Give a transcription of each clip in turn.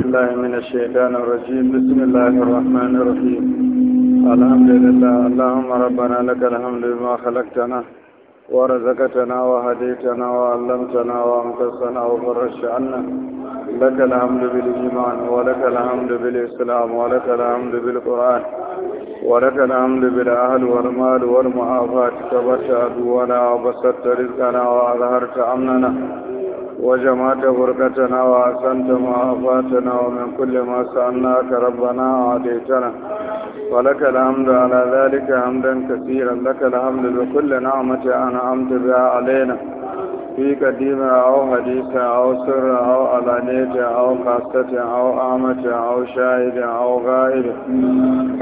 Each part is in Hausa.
بالله من الشيطان الرجيم بسم الله الرحمن الرحيم الحمد لله اللهم ربنا لك الحمد بما خلقتنا ورزقتنا وهديتنا وعلمتنا وانقذتنا وفرجت عنا لك الحمد بالإيمان ولك الحمد بالإسلام ولك الحمد بالقرآن ولك الحمد بالأهل والمال والمعافاة كبرت عدونا وبسطت رزقنا وأظهرت أمننا وجمعت بركتنا وأحسنت ما أفاتنا ومن كل ما سألناك ربنا أعطيتنا ولك الحمد على ذلك حمدا كثيرا لك الحمد بكل نعمة أنعمت بها علينا في قديمة أو حديثة أو سر أو علانية أو خاصة أو عامة أو شاهد أو غائب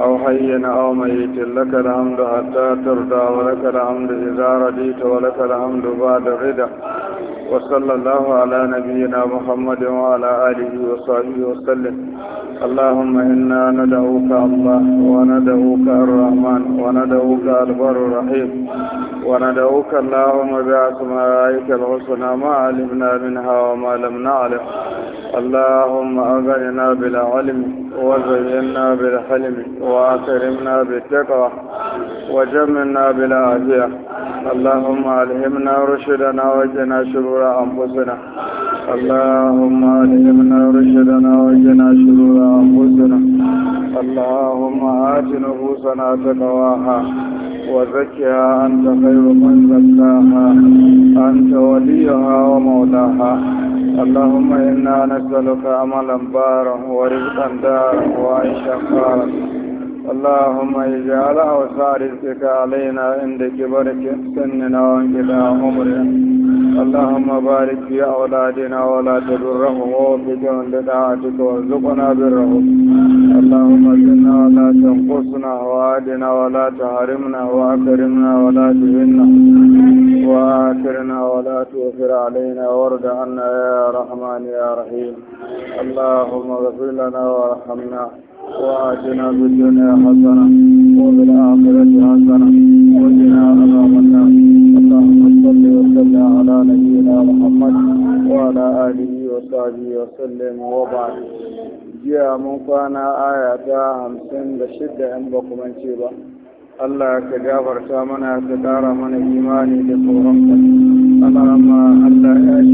أو حي أو ميت لك الحمد حتى ترضى ولك الحمد إذا رديت ولك الحمد بعد الرضا وصلى الله على نبينا محمد وعلى آله وصحبه وسلم اللهم إنا ندعوك الله وندعوك الرحمن وندعوك البر الرحيم وندعوك اللهم بأسمائك الحسنى ما علمنا منها وما لم نعلم اللهم أغننا بالعلم وزينا بالحلم وأكرمنا بالتقوى وجملنا بالعافية اللهم ألهمنا رشدنا وجنا شرور شرور أنفسنا اللهم ألهمنا رشدنا وجنا شرور أنفسنا اللهم آت نفوسنا تقواها وزكها أنت خير من زكاها أنت وليها ومولاها اللهم إنا نسألك عملا بارا ورزقا دارا وعيشا خارا اللهم اجعل أوصار رزقك علينا عند كبرك سننا وانقضاء عمرنا اللهم بارك في أولادنا ولا تضرهم ووفقهم لطاعتك وارزقنا برهم اللهم زدنا ولا تنقصنا وعدنا ولا تحرمنا وأكرمنا ولا تهنا واكرنا ولا توفر علينا وارض عنا يا رحمن يا رحيم اللهم اغفر لنا وارحمنا وآتنا في الدنيا حسنة وفي الآخرة حسنة وقنا عذاب النار اللهم صل وسلم على نبينا محمد وعلى آله وصحبه وسلم وبعد jiya mun kwana aya ta hamsin da shidda in ba kuma ce ba Allah ka gafarta mana ka mana imani da tsoronka Allah ma Allah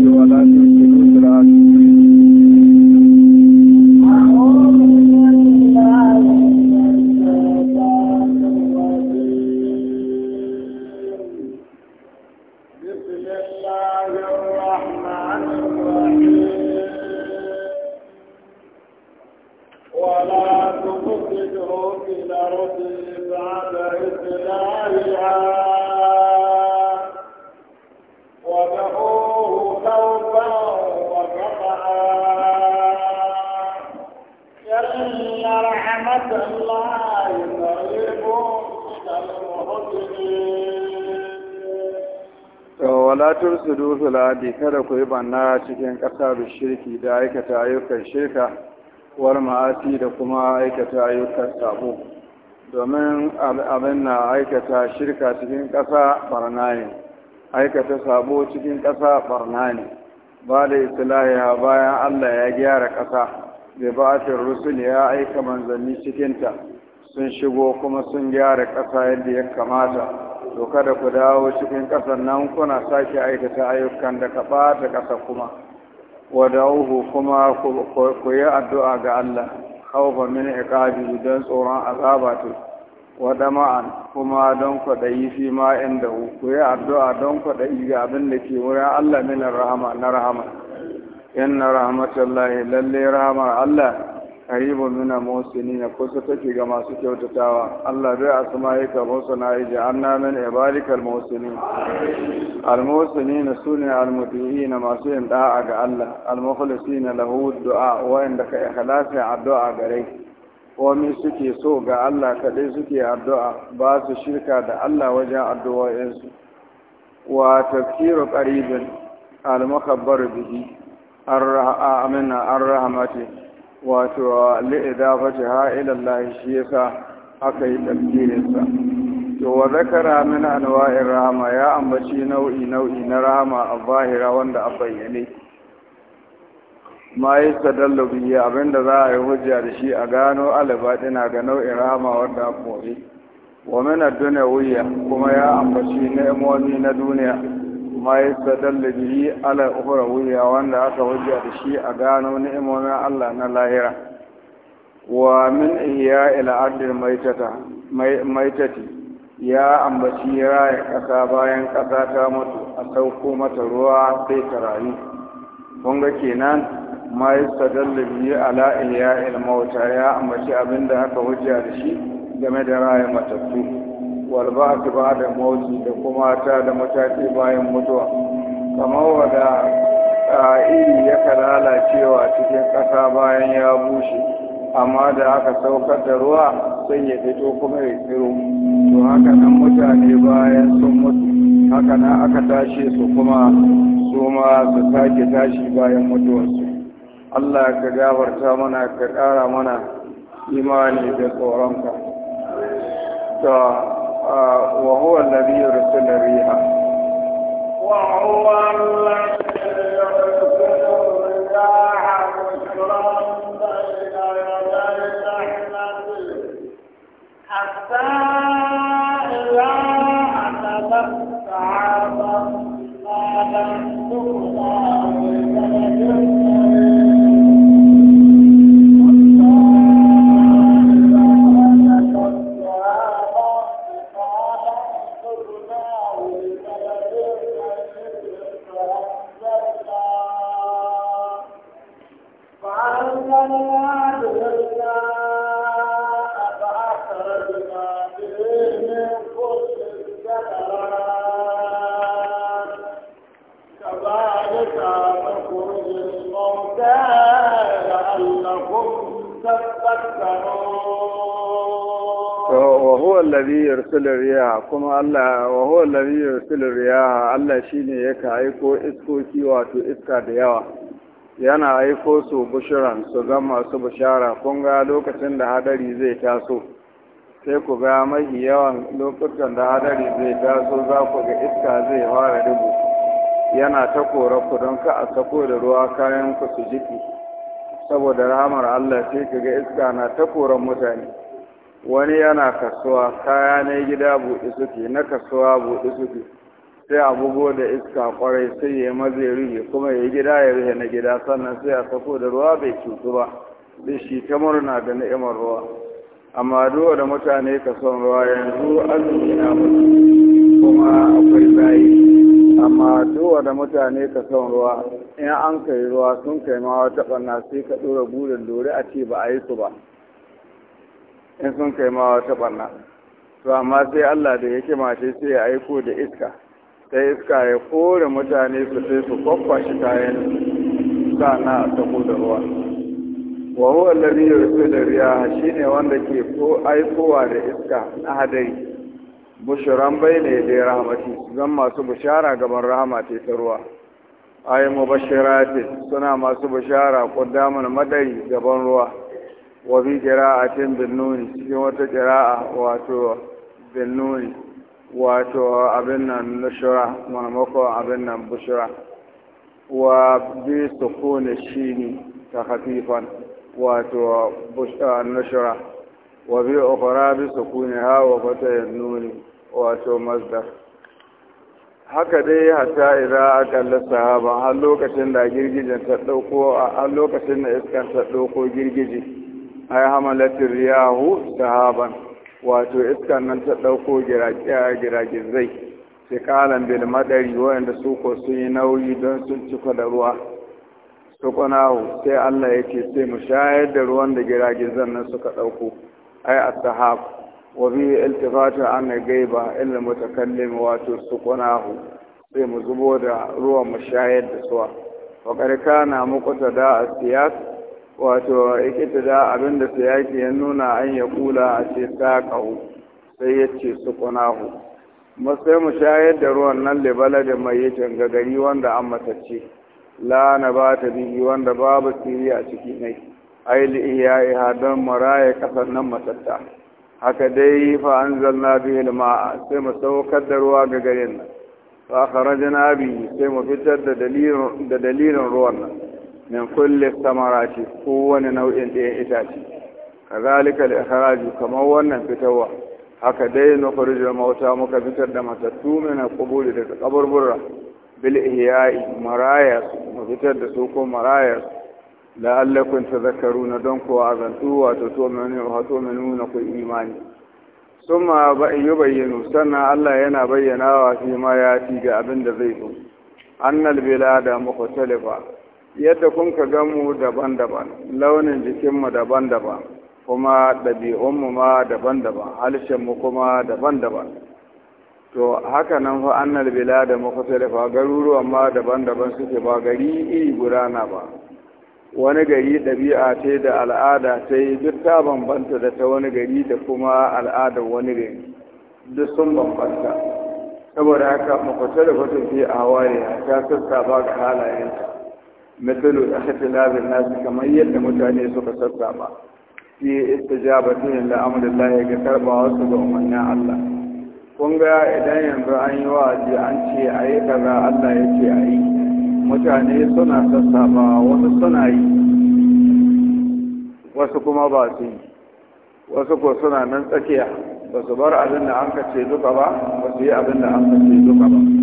kada ku yi banna cikin ƙasa da shirki da aikata ayyukan shirka war ma'asi da kuma aikata ayyukan sabo domin abin na aikata shirka cikin ƙasa barna ne aikata sabo cikin ƙasa barna ne ba da islahiya bayan allah ya gyara ƙasa da ba'atin rusul ya aika manzanni cikinta sun shigo kuma sun gyara ƙasa yadda ya kamata to kada ku dawo cikin ƙasar nan kuna sake aikata ayyukan da ka ɓata ƙasa kuma wada'uhu kuma ku yi addu'a ga Allah khawfa min iqabi don tsoron azaba to wa dama'an kuma don yi fi ma inda ku yi addu'a don kwaɗayi ga abin da ke wurin Allah min rahama na rahama inna rahmatullahi lalle rahama Allah qaribun min al na kusa take ga masu kyautatawa Allah bai asma'ika husna ij'alna min ibalikal muhsinin al na sune al masu yin da'a ga Allah al na lahu du'a wa ka ikhlasi addu'a gare komai suke so ga Allah kaɗai suke addu'a ba su shirka da Allah wajen addu'o'insu wa tafkiru qaribin al-mukhabbar bihi ar wato li'ida fatiha ila Allah shi yasa aka yi tafsirinsa to wa zakara min anwa'i rama ya ambaci nau'i nau'i na rama a zahira wanda a bayyane ma yi sadallu biyu abinda za a yi hujja da shi a gano alabaɗina ga nau'in rama wanda a kore wa min dunya kuma ya ambaci ni'imomi na duniya ma ya sadalla bihi ala ukhra wuya wanda aka wajja da shi a gano ni'imomin Allah na lahira wa min iya ila ardil maitata maitati ya ambaci raya kasa bayan kasa ta mutu a sauko mata ruwa sai ta rayu kun ga kenan ma ya sadalla bihi ala iya ila mauta ya ambaci abinda aka wajja da shi game da raya matattu walba'atu ba'da mauti da kuma ta da mataki bayan mutuwa kamar wada iri ya lalacewa cikin ƙasa bayan ya bushe amma da aka saukar da ruwa sai ya fito kuma ya tsiro to haka nan mutane bayan sun mutu haka nan aka tashe su kuma su ma su sake tashi bayan mutuwarsu Allah ka gabarta mana ka ƙara mana imani da tsoronka. ta وهو الذي يرسل الريح وهو الذي allazi yursilu riyaha kuma Allah wa huwa allazi yursilu riyaha Allah shine yake aiko iskoki wato iska da yawa yana aiko su bushiran su ga masu bushara kun ga lokacin da hadari zai taso sai ku ga mahi yawan lokutan da hadari zai taso za ku ga iska zai fara dubu yana ta kora ku don ka a sako da ruwa kayan ku su jiki saboda rahamar Allah sai ka ga iska na ta koran mutane wani yana kasuwa kaya ne gida buɗe suke na kasuwa buɗe suke sai a bugo da iska kwarai sai ya maze rufe kuma ya gida ya rufe na gida sannan sai a sako da ruwa bai cutu ba da shi ta murna da ni'imar ruwa amma duwa da mutane ka son ruwa yanzu azumi na mutu kuma akwai bayi amma duwa da mutane ka son ruwa in an kai ruwa sun kai ma wata ɓanna sai ka ɗora burin dore a ce ba a yi su ba in sun kai ma wata barna to amma sai Allah da yake mace sai ya aiko da iska sai iska ya kore mutane su sai su kwakwashi kayan sana a sako da ruwa wa huwa alladhi yursilu riyaha shine wanda ke ko aikowa da iska na hadari bushiran bai ne da rahmati zan masu bushara gaban rahama ta ruwa ay mubashirati suna masu bushara qaddaman madari gaban ruwa wa bi qira'atin bin nuni cikin wata qira'a wato bin nuni wato abin nan nushura maimakon abin nan bushura wa bi sukuni shini ta khafifan wato ah, nushura wa bi ukhra bi sukuni ha wa fata nuni wato masdar haka dai hatta idza akalla sahaba har lokacin da girgijen ta dauko a lokacin da iskan ta dauko girgije ai hamalatin riyahu sahaban wato iskan nan ta ɗauko giragizai sai kalan bil madari wayanda su ko sun yi nauyi don sun cika da ruwa su sai Allah ya ce sai mu shayar da ruwan da giragizan nan suka ɗauko ai as-sahab wa bi iltifatu an gaiba illa mutakallim wato su sai mu zubo da ruwan mu shayar da suwa wa karkana muqtada a siyas wato ikita da abin da sayaki ya nuna an ya kula a ce saƙahu sai ya ce su kunahu sai mu shayar da ruwan nan libala da mai yacin gari wanda an matacce la na ba ta bihi wanda babu siri a ciki ne ai iya iya don maraya kasar nan matatta haka dai fa an zalna bihi ma'a sai mu saukar da ruwa ga garin nan fa kharajna bihi sai mu fitar da dalilin ruwan nan min kulli samarati kowane nau'in ɗayan itace kazalika al-ikhraju kamar wannan fitarwa haka dai na farijin mauta muka fitar da matattu mina kuburi daga kaburbura bil ihya'i maraya mu fitar da su ko maraya la'allakum tadhakkaruna don ku azantu wato to menu wato menu na ku imani summa ba yubayyinu sannan Allah yana bayyanawa fi ma ya ci ga abin da zai zo annal bilada mukhtalifa yadda kun ka gamu daban-daban launin jikinmu daban-daban kuma ɗabi'unmu ma daban-daban harshenmu kuma daban-daban to haka nan fa annal bila da mukhtalfa garuruwan ma daban-daban suke ba gari iri guda na ba wani gari ɗabi'a ce da al'ada ce duk ta bambanta da ta wani gari da kuma al'adar wani gari duk sun bambanta saboda haka mukhtalfa ta fi hawaye ta sassa ba ga halayenta nasu kamar yadda mutane مثل اختلاف الناس كما يد متاني سوك سسابا في استجابتهم لأمر الله كتربا وسوك Allah? Kun kunga idan yanzu an yi wa'azi an ce a yi kaza Allah ya ce a yi mutane suna sassaba wasu suna yi wasu kuma ba su yi wasu ko suna nan tsakiya ba su bar abin da an ka ce duka ba ba su yi abin da an ka ce duka ba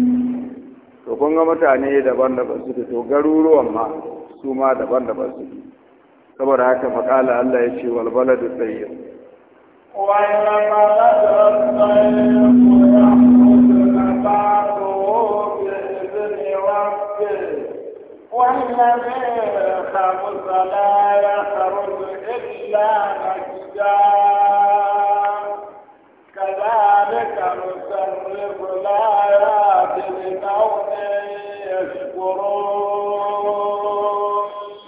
to kun ga mutane daban-daban suke to garuruwan ma su ma daban-daban suke saboda haka faƙala Allah ya ce wal baladu tsayyib والذي خبث لا يخرج إلا نجدا كذلك نصرف الآيات لقوم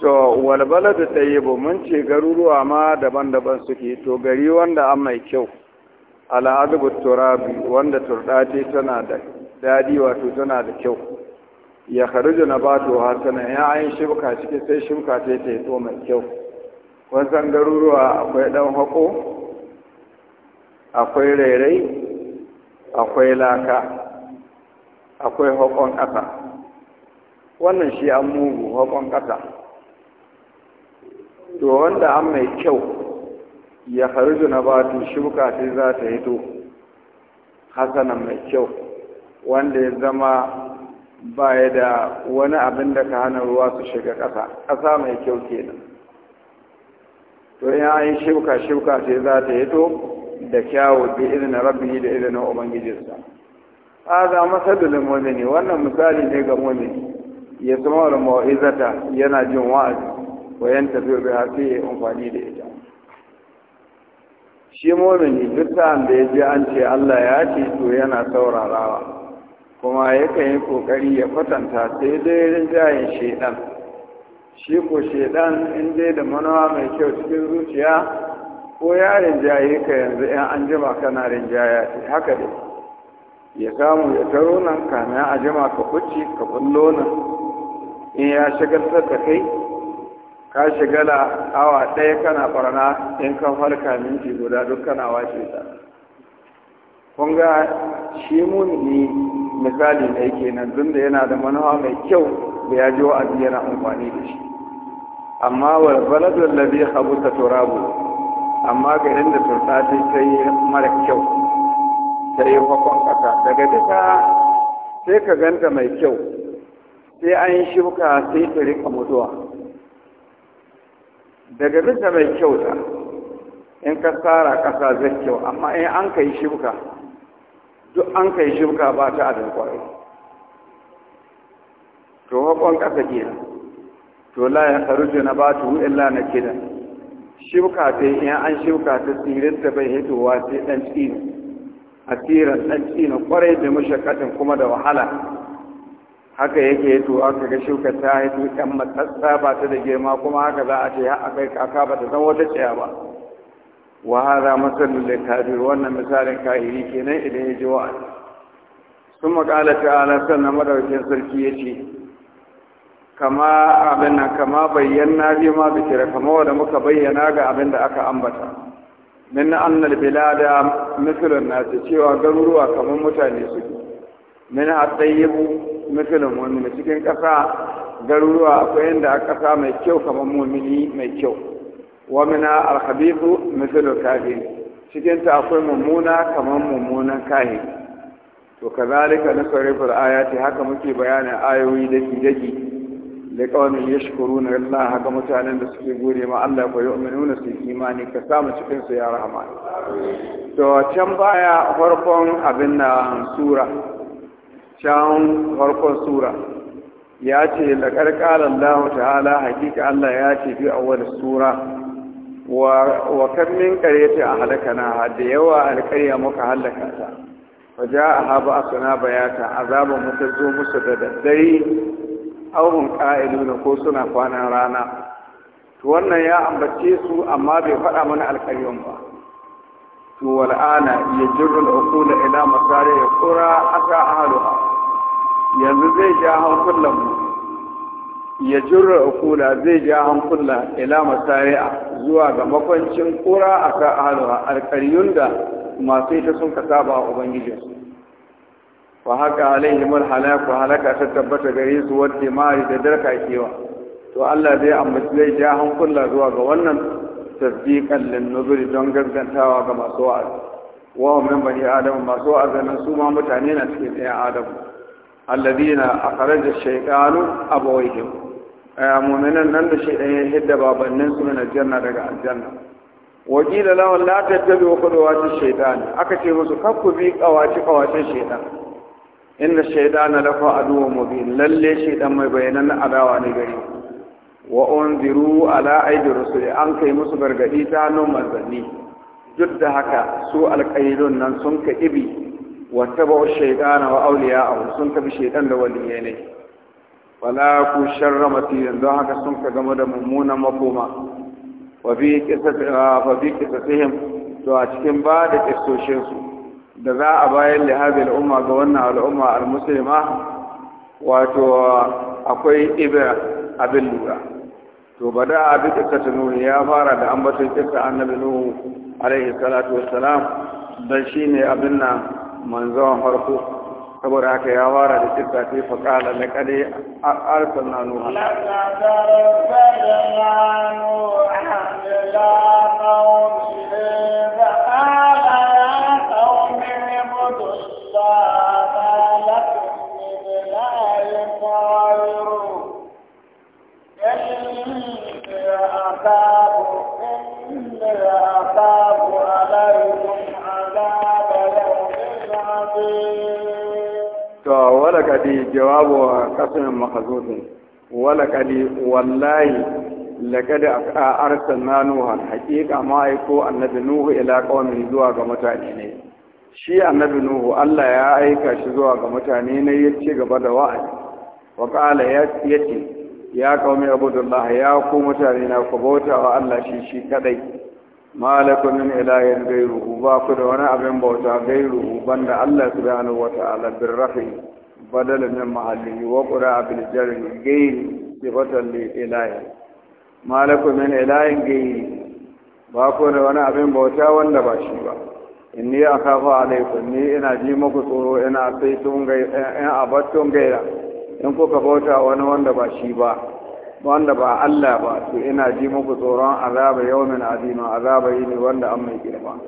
To, walbala ta yi mun ce garuruwa ma daban-daban suke, to gari wanda an mai kyau, al'adubu turabi wanda turɗace tana da daɗi wato tana da kyau, ya da na bato hasana ya ayin shimka ciki sai ce ta yi to mai kyau. Kun san garuruwa akwai ɗan haƙo, akwai rairai akwai laka akwai haƙon ƙasa wannan shi an mugu haƙon ƙasa to wanda an mai kyau ya harzu na batu shuka ce za ta hito hasanan mai kyau wanda ya zama baya da wani abin da ka hana ruwa su shiga ƙasa ƙasa mai kyau kenan to ya yi shuka shuka ce za ta hito da kyawu bi izinin rabbihi da izinin ubangijinsa hada masalul mu'mini wannan misali ne ga mu'mini ya zama da mau'izata yana jin wa'azi wa yan tafiya bi hafi ya amfani da ita shi mu'mini duk sa'an da ya ji an ce Allah ya ce to yana saurarawa kuma yakan yi kokari ya kwatanta sai dai rinjayen shaidan shi ko shaidan in dai da manawa mai kyau cikin zuciya ko ya rinjaye ka yanzu in an jima kana rinjaya ce haka dai ya samu ya taro nan kamin a jima ka kuci ka kullo nan in ya shagaltar ta kai ka shigala awa ɗaya kana barna in ka farka minti guda duk kana wace ta kun ga shi ni misali ne kenan tun da yana da manawa mai kyau da ya ji wa'azi yana amfani da shi amma wal baladul ladhi ta turabu amma garin da turta ta ta yi mara kyau ta yi hakon ƙasa daga duka sai ka ganta mai kyau sai an yi shuka sai ta rika mutuwa daga duka mai kyau ta in ka tsara ƙasa zai kyau amma in an ka yi shuka duk an ka yi shuka ba ta adin kwari to hakon ƙasa kenan to la ya na ba tu illa kidan shuka ta in an shuka ta tsirin ta bai hitowa sai ɗan tsini a tsirin ɗan tsini kwarai da mashakatin kuma da wahala haka yake hito aka ga shuka ta hito ɗan matsatsa ba ta da girma kuma haka za a ce a kai kaka ba ta san wata tsaya ba wahala da da kafir wannan misalin kahiri kenan idan ya ji wa'azi sun maƙala ta'ala sannan madaukin sarki ya ce kama abin nan kama bayyana bi ma kira kama wanda muka bayyana ga abin da aka ambata min annal bilada na nasu cewa garuruwa kamar mutane su. min atayyibu misalun mu'mini cikin ƙasa garuruwa akwai inda a ƙasa mai kyau kamar mu'mini mai kyau wa min alhabibu misalun kafin, cikin ta akwai mummuna kamar mummunan kahin to kazalika nasarifal ayati haka muke bayanin ayoyi daki daki da kawamin ya shukuru na Allah ga mutanen da suke gode ma Allah ko yu'minu na su imani ka samu cikin su ya rahama. to can baya farkon abin na sura can farkon sura ya ce laqad qala Allah ta'ala hakika Allah ya ce fi wani sura wa wa kam a qaryati da yawa alqarya muka halaka ta fa a ba'suna bayata azabun mutazzu musu da daddare auhun ƙa'iluna ko suna kwanan rana to wannan ya ambace su amma bai faɗa mana alƙaryon ba to wal'ana ya jirru da ina masari ya kura aka ahaluha yanzu zai ja hankulan mu ya jirru da zai ja hankulan ila masari zuwa ga makwancin kura aka ahaluha alƙaryun da masu ita sun ka saba a ubangijinsu wa haka alaihim alhalaku halaka ta tabbata gare su wadda mari da darka kewa to Allah zai amma zai ja hankula zuwa ga wannan tasdiqan lin nuzuri don gaskantawa ga masu wa'azi wa min bani adam masu wa'azi nan su ma mutane na cikin ɗayan adam alladina akhraja shaytanu abawayhim mu'minan nan da shaytan ya hidda babannin su min aljanna daga aljanna wa qila lahum la tattabi'u khutuwati shaytan aka ce musu kakku bi qawaci qawacin shaytan inda shaidana lafa aduwa mubin lalle shaidan mai bayanan adawa ne gari wa unziru ala aidi rusuli an kai musu gargadi ta hannun manzanni duk da haka su alƙaidun nan sun ka ibi wa taba shaidana wa auliya sun tafi shaidan da waliyai ne wala ku sharra masirin don haka sun ka gama da mummunan makoma wa bi kisasihim to a cikin ba da kisoshinsu da za a bayan lihabin umma ga wannan al'umma al-musulma wato akwai ibra abin lura to ba da abin ta nuni ya fara da ambaton kisa annabi nuhu alaihi salatu wassalam shi ne abin nan manzon farko saboda haka ya fara da kisa ta faqala laqad arsalna nuha laqad arsalna nuha ila qaumihi fa ولقد جواب قسم مخزوف ولقد والله لقد أرسلنا نوحا حقيقة ما يكون النبي نوح إلى قومه زوا كمتاني shi annabi nuhu Allah ya aika shi zuwa ga mutane na ya ci gaba da wa'azi wa qala ya yace ya qaumi abudullah ya ku mutane na ku bauta wa Allah shi shi kadai malakum min ilahin ghayruhu ba ku da wani abin bauta ghayruhu banda Allah subhanahu wa ta'ala bir rafi badala min mahalli wa qura bil jarri bi fatan li ilahi malakum min ilahin ghayri ba ku da wani abin bauta wanda ba shi ba inni kafa alaikum ni ina ji muku tsoro ina sai tun ga in abattun gaira in kuka bauta wani wanda ba shi ba wanda ba Allah ba to ina ji muku tsoron azaba yawmin azima azaba ne wanda an mai girma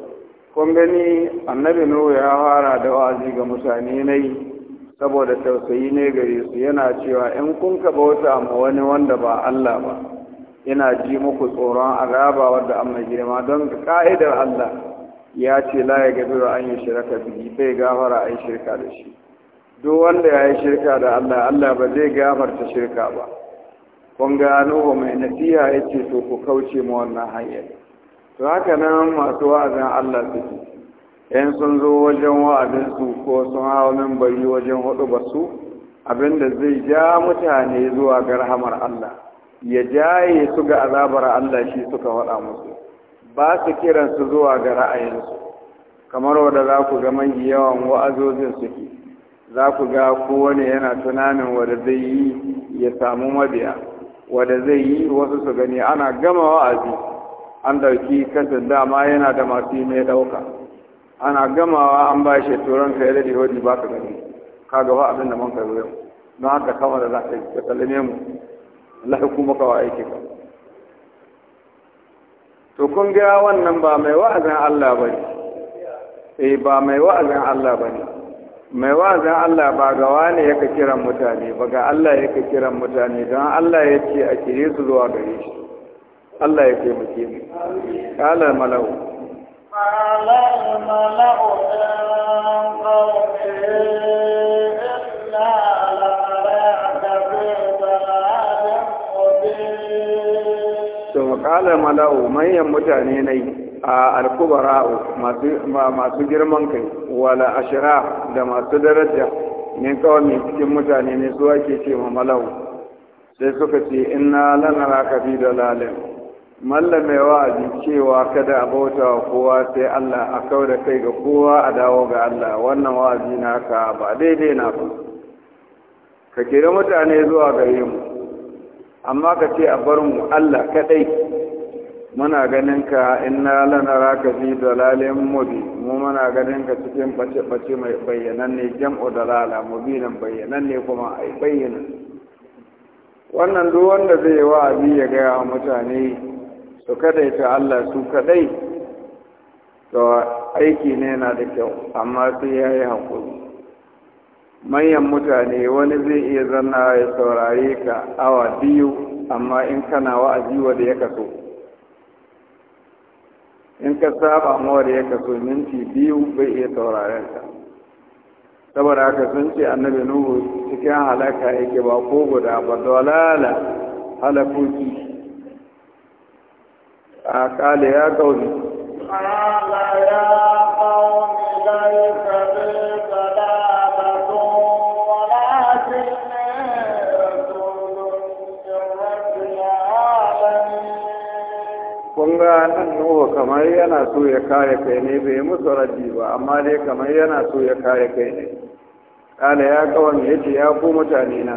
kun gani annabi nuhu ya fara da wa'azi ga mutane nai saboda tausayi ne gare su yana cewa in kun ka bauta ma wani wanda ba Allah ba ina ji muku tsoron azaba wanda an mai girma don ka'idar Allah ya ce la ya wa an yi shirka bihi bai gafara an shirka da shi duk wanda ya yi shirka da Allah Allah ba zai gafarta shirka ba kun gano wa mai nasiha ya ce to ku kauce ma wannan hanyar to haka nan masu wa'azin Allah su suke yan sun zo wajen su ko sun hawa min bari wajen hudu ba su abinda zai ja mutane zuwa ga rahamar Allah ya jaye su ga azabar Allah shi suka faɗa musu ba su kiransu zuwa ga ra'ayinsu kamar wadda za ku ga mai yawan wa'azozin suke za ku ga kowane yana tunanin wadda zai yi ya samu mabiya wadda zai yi wasu su gani ana gama wa'azi an ɗauki kasin dama yana da masu mai ɗauka ana gamawa an ba shi turan ka yadda da ba ka gani ka gaba abin da man ka zo yau don haka kama da za ka yi ka mu Allah ya kuma kawo aiki ka to kun gira wannan ba mai wa'azin Allah ba ne eh ba mai wa'azin Allah ba ne mai wa'azin Allah ba ga wani yake kiran mutane ba ga Allah yaka kiran mutane don Allah ya ce a kire su zuwa gare shi Allah ya taimake mu kala malau qala faƙalar mala'u manyan mutane yi a alkubara'u masu girman kai wala ashira da masu daraja ne kawai mai cikin mutane ne zuwa ke ce ma mala'u sai suka ce ina lanara ka fi dalalin mai wa'azi cewa kada a bauta wa kowa sai Allah a kau da kai ga kowa a dawo ga Allah wannan wa'azi naka ba daidai na ba ka kira mutane zuwa gare mu amma ka ce a bar mu Allah kadai muna ganin ka inna lana raka fi dalalin mubi mu muna ganin ka cikin bace-bace mai bayyananne jam'u dalala mubinan bayyananne kuma ai bayyana wannan duk wanda zai wa abi ya gaya wa mutane su ta Allah su kadai to aiki ne na da kyau amma sai yayi yi hankali manyan mutane wani zai iya zanna ya saurare ka awa biyu amma in kana wa'azi wanda ya kaso in ka saba ma wanda ya kaso minti biyu bai iya saurare ka saboda haka sun ce annabi nuhu cikin halaka yake ba ko guda ba dalala halakoki a kale ya kauni ga nan nuhu kamar yana so ya kare kai ne bai musu raddi ba amma dai kamar yana so ya kare kai ne kala ya kawan ya ce ya ku mutane na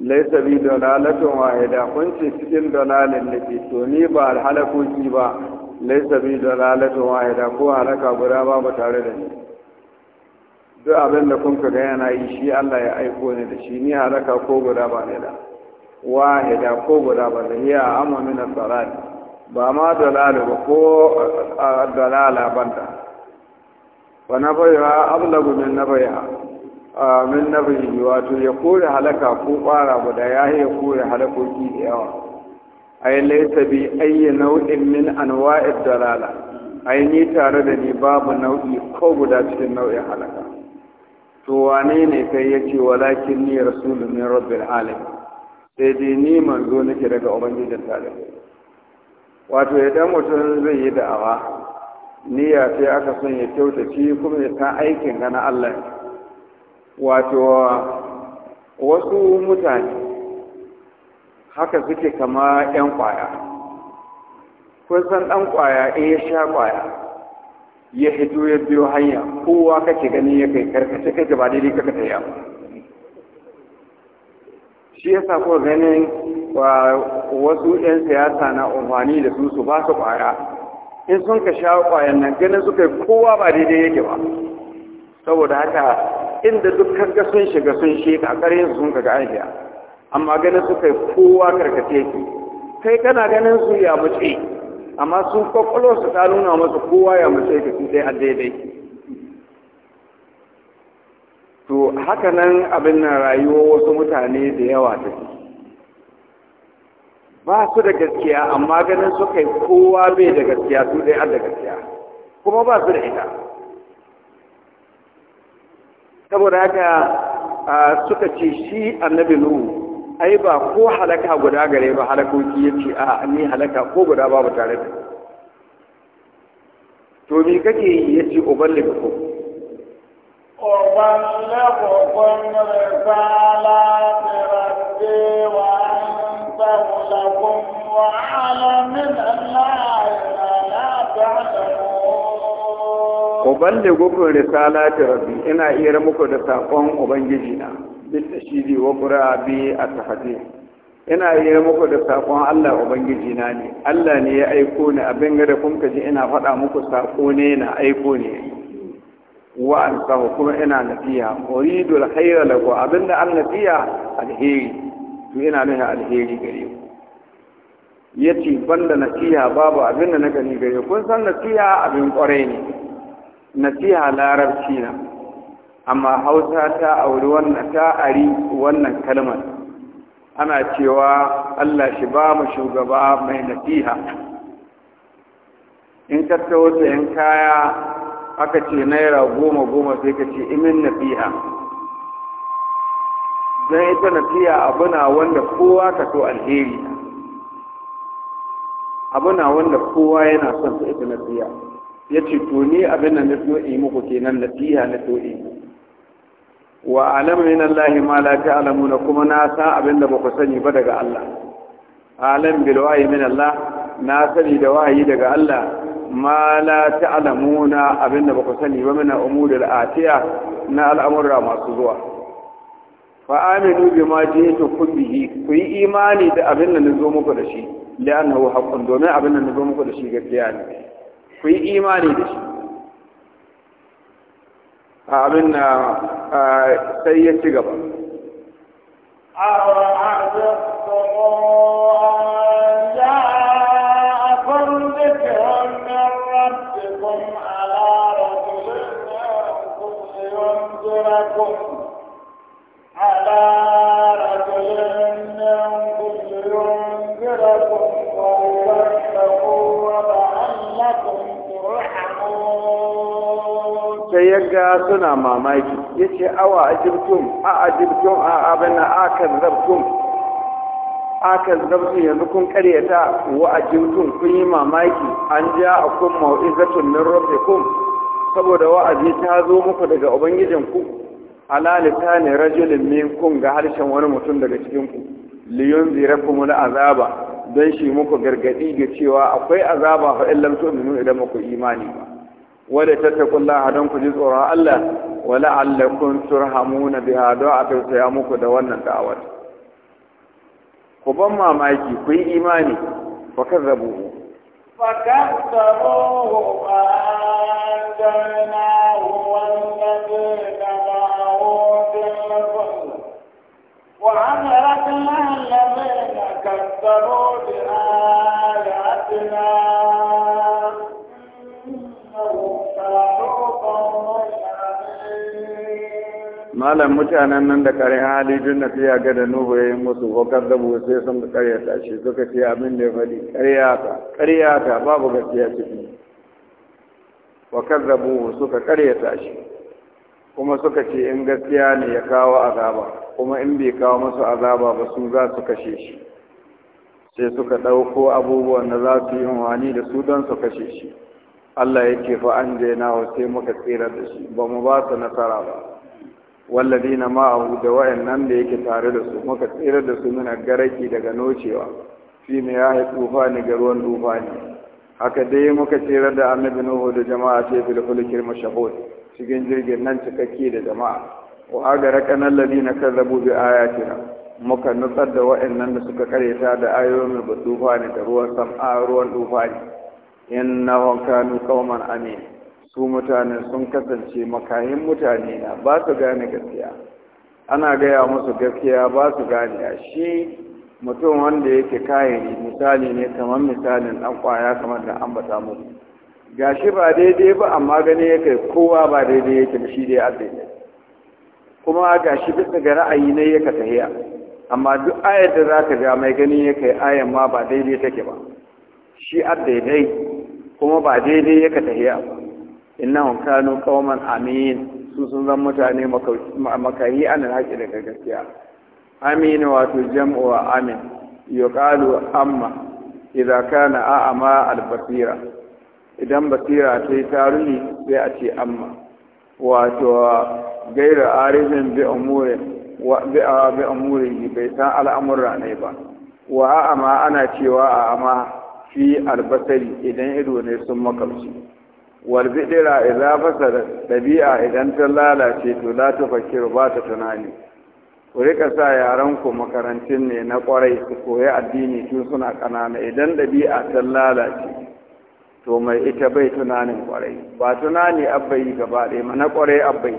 laisa bi dalalatin wahida kun ce cikin dalalin da ke to ni ba halakoki ba laisa bi dalalatin wahida ko halaka guda ba ba tare da ni duk abin da kun ga yana yi shi Allah ya aiko ni da shi ni halaka ko guda ba ne da wahida ko guda ba da ya amma min ba ma dalala ba ko dalala banta wa na ablagu min na min na baiwa wato ya kore halaka ko ƙwara guda ya ya kore halakoki da yawa ai laisa bi ayyi nau'in min anwa'id dalala ai ni tare da ni babu nau'i ko guda cikin nau'in halaka to wane ne kai yace walakin ni rasulun min rabbil alamin sai dai ni manzo nake daga ubangijin talibai wato idan mutum zai yi da'awa niyya sai aka son ya kyautaci kuma ya san aikin ga na Allah wato wasu mutane haka suke kama 'yan kwaya kun san ɗan kwaya in ya sha kwaya ya hito ya biyo hanya kowa kake gani ya kai karkace kake ba daidai kaka ta yawa shi yasa ko ganin wasu 'yan siyasa na umarni da su su ba su ƙwaya in sun ka sha ƙwayan nan ganin suka kowa ba daidai yake ba saboda haka inda dukkan karka sun shiga sun sheka ƙarin sun ka ga ajiya amma ganin suka kowa karkace yake kai kana ganin su ya mace amma su kwakwalo su ta nuna masu kowa ya mace ka su dai a daidai to haka nan abin na rayuwa wasu mutane da yawa ta ba su da gaskiya amma ganin su kai kowa bai da gaskiya su dai da gaskiya kuma ba su da ita saboda haka suka ce shi annabi nuhu ai ba ko halaka guda gare ba halakoki ya ce a ni halaka ko guda babu tare da to me kake yi ya ce uballi ko Ubanda gukun risala ta rabbi ina iya muku da saƙon Ubangiji na, da shi ne wa biye a tahadi. Ina iya muku da saƙon Allah Ubangiji na ne, Allah ne ya aiko ni abin gada ka kaji ina faɗa muku saƙo ne na aiko ne. wa ansahu kuma ina nafiya uridu alkhayra lakum abinda an nafiya alheri to ina nuna alheri gare ku yace banda nafiya babu abinda na gani gare ku. kun san nafiya abin kwarai ne nasiha larabci na amma hausa ta auri wannan ta ari wannan kalmar ana cewa Allah shi ba mu shugaba mai nasiha in ka tawo sayan kaya aka ce naira goma goma sai ka ce imin na fiya don ita na fiya abuna wanda kowa ka so alheri abuna wanda kowa yana son ta ita na fiya ya ce to ni abin da na so in muku kenan na fiya na to yi wa alamu min Allah ma la na kuma na sa abin da ba ku sani ba daga Allah alam bil wahyi min Allah na sani da wahayi daga Allah ma la ta'lamuna abinda ba ku sani ba mana umurul atiya na al'amurra masu zuwa fa aminu ma jitu kubihi ku yi imani da abin da nazo muku da shi li'annahu haqqun domin abin da nazo muku da shi gaskiya ne ku yi imani da shi A abin na sai ya ci gaba أرأيتم gaggawa suna mamaki ya ce awa a jirgin a a jirgin a abin na akan zartun akan zartun yanzu kun karyata wa a jirgin kun yi mamaki an ja a kun ma'u'izatun nan rufe kun saboda wa'azi ta zo muku daga ubangijin ku ala lisani rajulin minkum ga harshen wani mutum daga cikin ku yunzirakum al azaba don shi muku gargadi ga cewa akwai azaba fa in lam tu'minu idan muku imani ba la tattaqullaha don ku ji tsoron Allah wala allakum turhamuna bi don a tausaya muku da wannan da'awar ku ban mamaki ku yi imani fa kazzabuhu فكذبوه فأنجيناه والذين وأغرقنا الذين كذبوا بآياتنا malam mutanen nan da kare hali jin na fiya ga da nuhu ya yi musu wakar da sai sun ga ta shi suka ce abin da ya faɗi "karya ta babu gaskiya ciki wakar da suka ta shi kuma suka ce in gaskiya ne ya kawo azaba kuma in bai kawo masu azaba ba su za su kashe shi sai suka ɗauko abubuwan da za su yi wani da su don su kashe shi Allah ya ce fa an jaina wa sai muka tsira da shi ba mu ba su nasara ba wallazi na ma'ahu da wayannan da yake tare da su muka tsira da su muna garaki daga nocewa fi mai ya yi tsufa ne ga ruwan tsufa ne haka dai muka tsira da annabi nuhu da jama'a ce filifilikir mashahud cikin jirgin nan cikakke da jama'a wa agara na ladina kazzabu bi ayatina muka nutsar da wa'annan da suka kareta da ayoyin dufa ne da ruwan sam'a ruwan tufani innahum kanu qauman amin su mutane sun kasance makayin mutane na ba su gane gaskiya ana gaya musu gaskiya ba su gane shi mutum wanda yake kayani misali ne kamar misalin dan kwaya kamar da ambata musu gashi ba daidai ba amma gani yake kowa ba daidai yake da shi dai azai kuma gashi bisa ga ra'ayi ne yake tahiya amma duk ayar da zaka ga mai gani yake ayar ma ba daidai take ba shi dai kuma ba daidai yake tahiya ba innahum kanu qauman amin su sun zan mutane makayi an haƙi daga gaskiya amin wato jam'u wa amin yuqalu amma idza kana a'ama al-basira idan basira ta yi taruni sai a ce amma wato gaira arifin bi umuri bai san al'amurra ne ba wa amma ana cewa a amma fi albasari idan ido ne sun makamci walbidira idza fasara ɗabi'a idan ta lalace to la ta fakiru ba ta tunani ku rika sa ku makarantun ne na kwarai su koyi addini tun suna ƙanana idan ɗabi'a ta lalace to mai ita bai tunanin kwarai ba tunani abbai gaba ɗaya mana kwarai abbai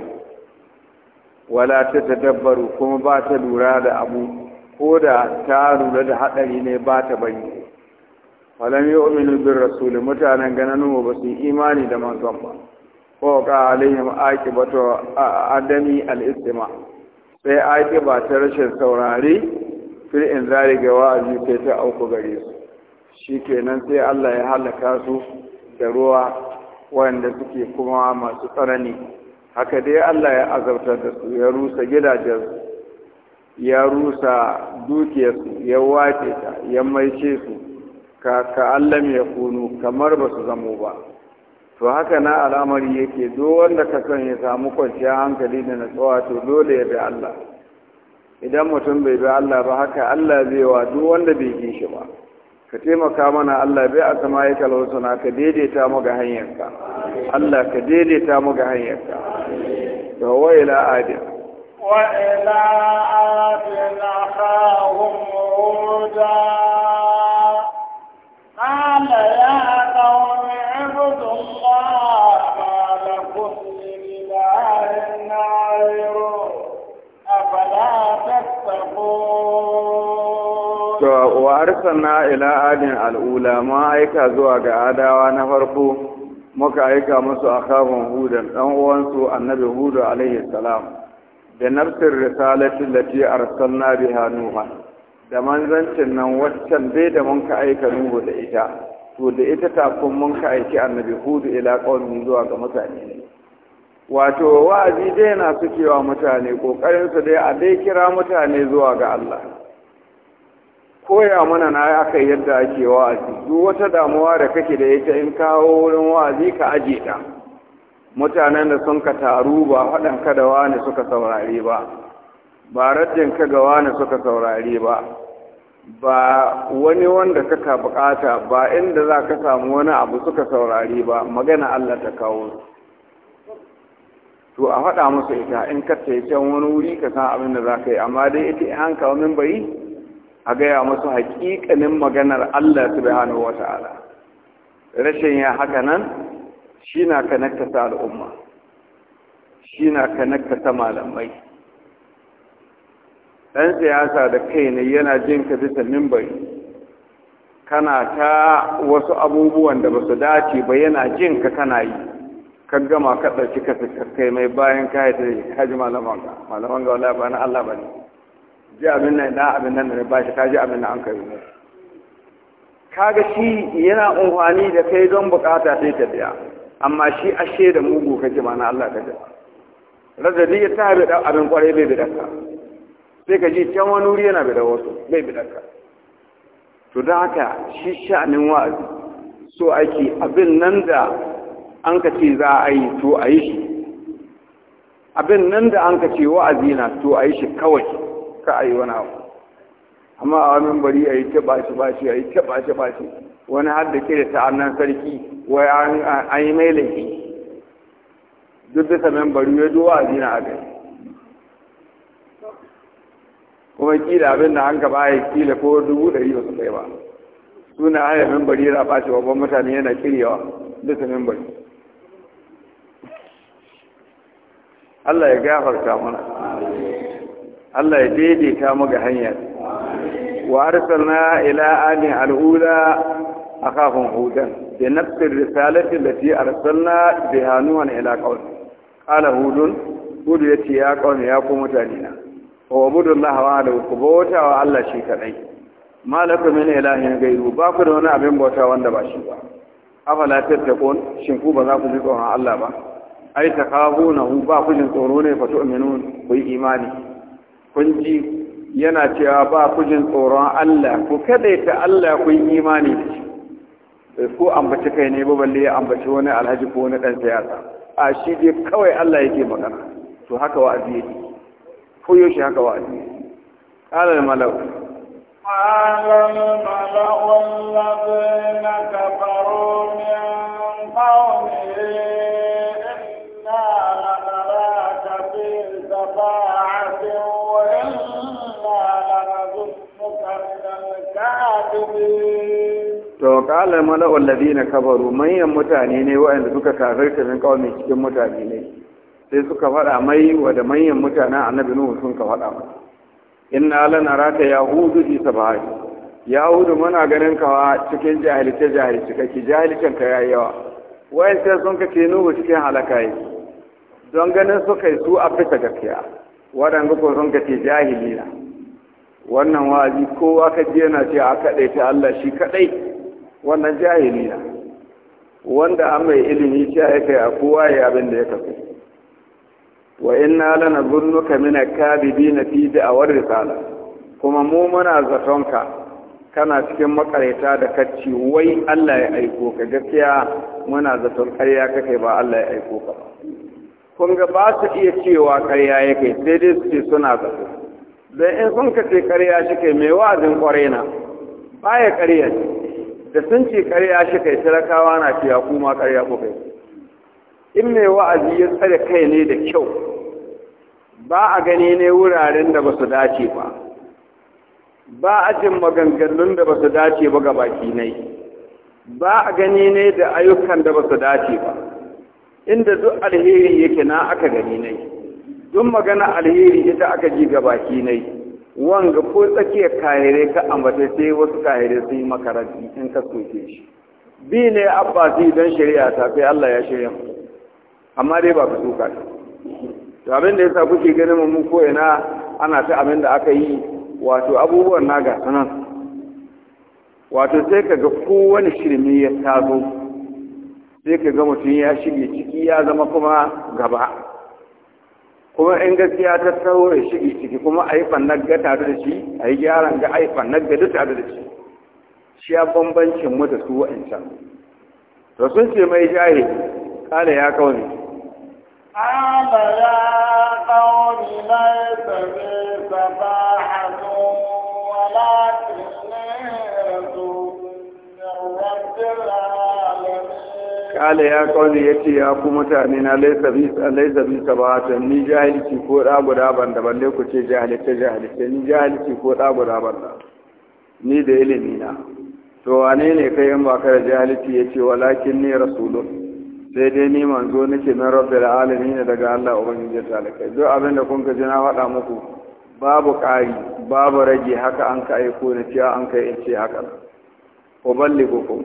wala ta tadabbaru kuma ba ta lura da abu ko da ta lura da haɗari ne ba ta bayi falam yu'minu bir rasul mutanen mu ba su imani da manzon ba ko ka alaihim aqibatu adami al-istima sai ba ta rashin saurari fil inzari ga wa'azi sai ta auku gare su Shi shikenan sai Allah ya halaka su da ruwa wanda suke kuma masu tsanani haka dai Allah ya azabta da su ya rusa gidajensu ya rusa dukiyarsu ya wace ta ya maice su ka ka Allah ya kunu kamar ba su zamo ba to haka na al'amari yake do wanda ka san ya samu kwanciyar hankali da natsuwa to dole ya bi Allah idan mutum bai bi Allah ba haka Allah zai wa duk wanda bai ji shi ba ka taimaka mana Allah bai a sama ya kalwasuna ka daidaita mu ga hanyarka Allah ka daidaita mu ga hanyarka da wa ila adin wa ila adin akhahum huda qala ya qawmi ibudullah ma lakum min ilahin ghayru afala tattaqun to wa arsalna ila adin al'ula ma aika zuwa ga adawa na farko muka aika musu akhawan hudan dan su annabi hudu alaihi salam da nafsir risalati lati arsalna biha nuha da manzancin nan waccan dai da mun ka aika nuhu da ita to da ita ta kun mun ka aiki annabi hudu ila qaumi zuwa ga mutane wato wa'azi dai na sukewa mutane kokarin su dai a dai kira mutane zuwa ga Allah koya mana na aka yadda ake wa'azi duk wata damuwa da kake da ita in kawo wurin wa'azi ka aje ta mutanen da sun ka taru ba faɗan ka da wani suka saurare ba ba raddin ka ga wani suka saurare ba ba wani wanda kaka bukata ba inda za ka samu wani abu suka saurare ba magana Allah ta kawo to a faɗa musu ita in ka can wani wuri ka san abin da za ka yi amma dai ita in an kawo a gaya masu haƙiƙanin maganar Allah su bai wata ala rashin ya haka nan shi na kanakta nakasa al'umma shi na kanakta ta malamai ɗan siyasa da kai ne yana jin ka bisa mimbari kana ta wasu abubuwan da ba su dace ba yana jin ka kana yi ka gama ka ɗauki ka kai mai bayan ka yi haji malaman ga wala ba Allah ba ne ji abin nan da abin nan da ba shi ka ji abin da an kai mu kaga shi yana umfani da kai don bukata sai ta biya amma shi ashe da mugu kake ma na Allah ka ji razali ya ta bi abin kware bai bi dakka sai ka ji can wani wuri yana bi da wasu bai bi dakka to da haka shi sha'anin wa'azi so aiki abin nan da an ka ce za a yi to a yi shi abin nan da an ka ce wa'azi na to a yi shi kawai ka a yi wani abu amma a wani bari a yi ta bashi bashi a yi ta bashi bashi wani har da ke da ta'annan sarki wai an yi mai laifi duk da samun bari ya duwa a zina a gari kuma kila abin da an gaba ya kila ko dubu ɗari ba su kai ba suna haya membari yana bashi babban mutane yana kiryawa da membari Allah ya gafarta mana Allah ya daidaita mu ga hanyar wa arsalna ila adin al'ula akahum hudan bi nafsi risalati allati arsalna biha nuhan ila kawai. qala hudun hudu ce ya qaum ya ku mutane na wa budullah wa ala ku bauta wa Allah shi kadai Malaka min ilahin gairu ba ku da wani abin bauta wanda ba shi ba afala tattaqun shin ku ba za ku ji tsoron Allah ba ai takabuna hu ba ku jin tsoro ne fa tu'minun ku yi imani kun ji yana cewa ba ku jin tsoron Allah ku ta Allah kun imani da shi eh, ko ambaci kai ne ba balle ya ambaci wani alhaji ko wani dan siyasa a shi dai kawai Allah yake magana to haka wa'azi yake ko yaushe haka wa'azi qala al mala'u qala al mala'u alladhina kafaru min qawmihi to kala mana wallazi na kafaru manyan mutane ne waɗanda suka kafirta min kawai cikin mutane ne sai suka faɗa mai wa da manyan mutane annabi nuhu sun ka faɗa mai inna lana raka yahudu fi sabahi yahudu muna ganin ka cikin jahilce jahilce kake jahilcen ka yayi yawa wayan sai sun ka ce nuhu cikin halaka yi don ganin suka yi su a fita gaskiya waɗanda ko sun ka ce jahili na wannan wa'azi kowa ka ji yana ce a kaɗai ta Allah shi kaɗai wannan jahili na wanda an mai ilimi cewa ya kai a kowa ya abin da ya kafi wa inna lana zunnuka min na fi da'awar risala kuma mu muna zatonka kana cikin makareta da kacci wai Allah ya aiko ka gaskiya muna zaton ƙarya kake ba Allah ya aiko ka ba kun ga ba su iya cewa ƙarya yake sai dai su ce suna zato da in sun ka ce ƙarya shi kai mai wa'azin kwarai na baya ƙarya da sun ce ƙarya shi kai talakawa na fiya kuma ƙarya ko kai in mai wa'azi ya tsare kai ne da kyau ba a gani ne wuraren da ba su dace ba ba a jin maganganun da ba su dace ba ga baki nai ba a gani ne da ayyukan da ba su dace ba inda duk alheri yake na aka gani nai duk magana alheri ita aka ji ga baki nai wanga ko tsakiya kahire ka ambata sai wasu kahire sun yi makaranti in ka soke shi bi ne abbasi don shari'a ta sai Allah ya shirya amma dai ba ku ta to abin da yasa kuke ganin mu ko ina ana ta abin da aka yi wato abubuwan na ga sanan wato sai ka ga kowane shirme ya tazo sai ka ga mutum ya shige ciki ya zama kuma gaba kuma in gaskiya ta taho ya shige ciki kuma a yi fannar ga tare da shi a yi gyaran ga a yi fannar ga duk tare da shi shi ya bambancin mu da su wa'ancan to sun ce mai jahi kala ya kauni amma ya kauni mai sabi sabahatu wala tilmi ya wajen alamin kala ya kauni ya ce ya ku mutane na laisa bi sabata ni jahilci ko da guda ban da balle ku ce jahilce jahilce ni jahilci ko da guda ban da ni da ilimi na to wane ne kai in ba da jahilci ya ce walakin ni rasulun sai dai ni manzo nake na rabbil ne daga Allah ubangiji talakai duk abin da kun ka ji na faɗa muku babu ƙari babu rage haka an ka aiko na cewa an kai in ce haka ko balli kuma.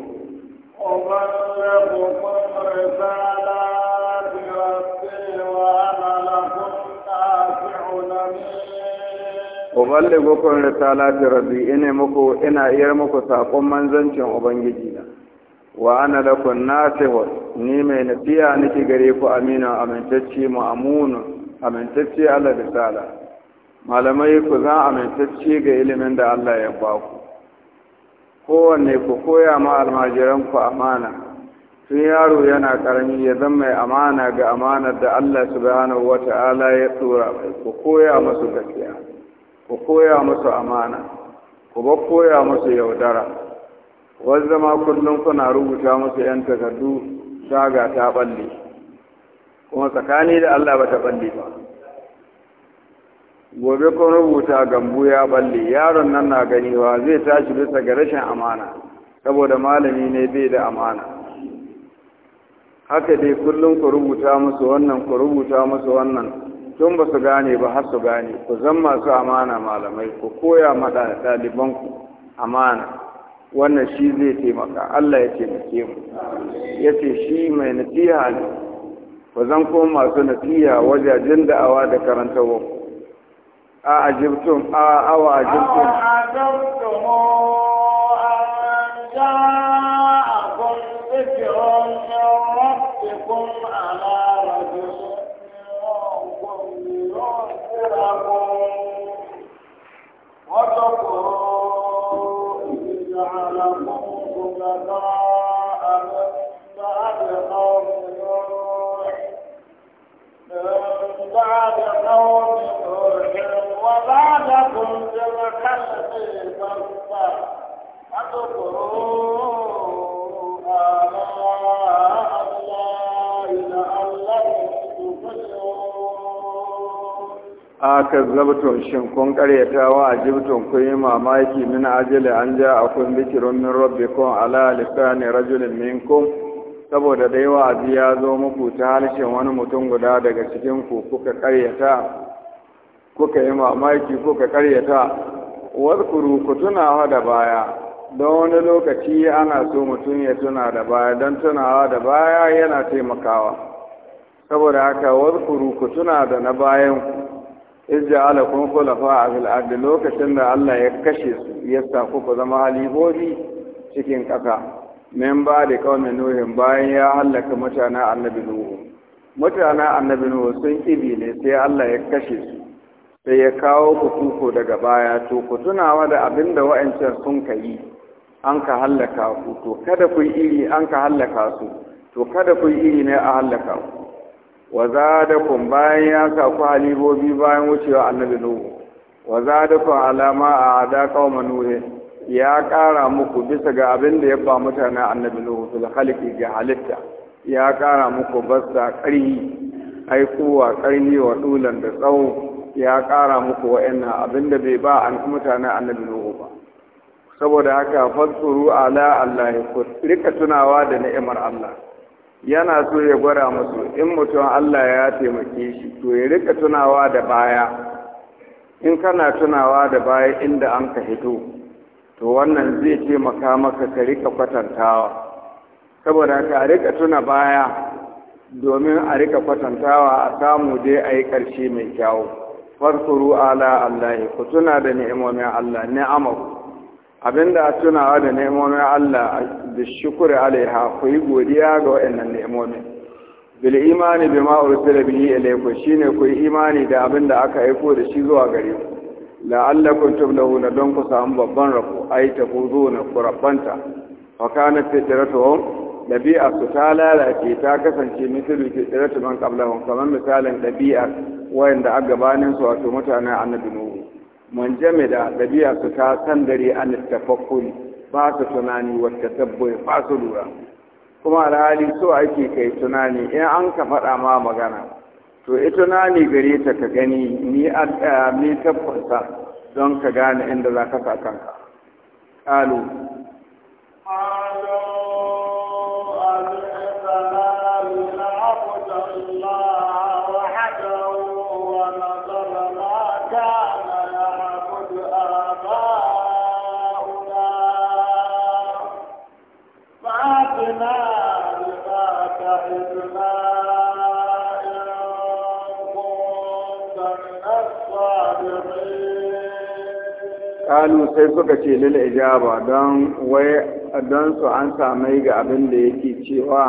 Uballe gukun risalati rabbi ina muku ina iya muku saƙon manzancin Ubangiji na, wa ana da kun nasihu ni mai nafiya nake gare ku aminu amintacci mu amunu amintacci Allah risala, malamai ku za amintacci ga ilimin da Allah ya baku. kowanne ku koya ma ku amana tun yaro yana karami ya zama mai amana ga amanar da Allah subhanahu wata'ala ya tsora mai ku koya musu gaskiya ku koya musu amana ku ba koya musu yaudara wanda ma kullum kuna rubuta musu yan takardu shaga ta balle kuma tsakani da Allah ba ta balle ba gobe kun rubuta gambu ya balle yaron nan na ganewa zai tashi bisa ga rashin amana saboda malami ne bai da amana haka dai kullum ku rubuta musu wannan ku rubuta musu wannan tun ba su gane ba har su gane ku zan masu amana malamai ku koya ma ɗalibanku amana wannan shi zai taimaka Allah ya taimake mu ya ce shi mai nasiha ne ku zan ko masu nasiha wajajen da'awa da karantarwa a ajibtum a awa ajibtum وتقرأوا إذ جعلكم خلفاء من بعد قوم بعد قوم نوح aka shin kun karyatawa a jibtun kun yi mamaki min ajiyar an ja a kun zikirun min kun ala rajulun min kun saboda da yawa abu ya zo muku ta harshen wani mutum guda daga cikin ku kuka karyata kuka yi mamaki kuka karyata wadkuru ku tunawa da baya don wani lokaci ana so mutum ya tuna da baya don tunawa da baya yana taimakawa saboda haka wadkuru ku tuna da na bayan izja izja'ala kun a filadi lokacin da Allah ya kashe su ya sa ku zama halifofi cikin ƙasa min ba da kaumin nuhin bayan ya hallaka mutanen annabi nuhu mutanen annabi nuhu sun ibi ne sai Allah ya kashe su sai ya kawo kutuko daga baya to ku tunawa da abin da wa'ancan sun ka yi an ka hallaka ku to kada ku iri an ka hallaka su to kada ku iri ne a hallaka ku wa kun bayan ya sa ku halibobi bayan wucewa annabi nuhu wa kun alama a ada kawo nuhin ya ƙara muku bisa ga abin da ya ba mutane annabi nuhu fil khalqi ga halitta ya ƙara muku basta ƙarhi aikowa ƙarni wa dulan da tsawo ya ƙara muku wa'annan abin da bai ba an mutane annabi nuhu ba saboda haka fasuru ala Allah ku rika tunawa da ni'imar Allah yana so ya gwada musu in mutum Allah ya taimake shi to ya rika tunawa da baya in kana tunawa da baya inda an ka hito to wannan zai taimaka maka ka rika kwatantawa saboda ka rika tuna baya domin a rika kwatantawa a samu dai a yi ƙarshe mai kyawu farkuru ala allahi ku tuna da ni'imomin allah ni'amaku abinda a tunawa da ni'imomin allah da shukur alaiha ku yi godiya ga waɗannan ni'imomin bil imani bima ursila bihi ilaykum shine ku yi imani da abinda aka aiko da shi zuwa gare ku la'allakum tuflihuna don ku samu babban rabo ai ta na ku rabbanta wa kana fitratuhum dabi'a su ta lalace ta kasance misali fitratu man qablahum kamar misalin dabi'a wayanda a gabanin su wato mutanen annabi nuhu man jamida dabi'a su ta sandare an tafakkul ba su tunani wa tatabbu ba su lura kuma alhali so ake kai tunani in an ka faɗa ma magana to ita na ne gare ta ka gani ni a me tabbata don ka gane inda za ka sa kanka Alu. kalu sai suka ce lil ijaba don wai don su an samai ga abin da yake cewa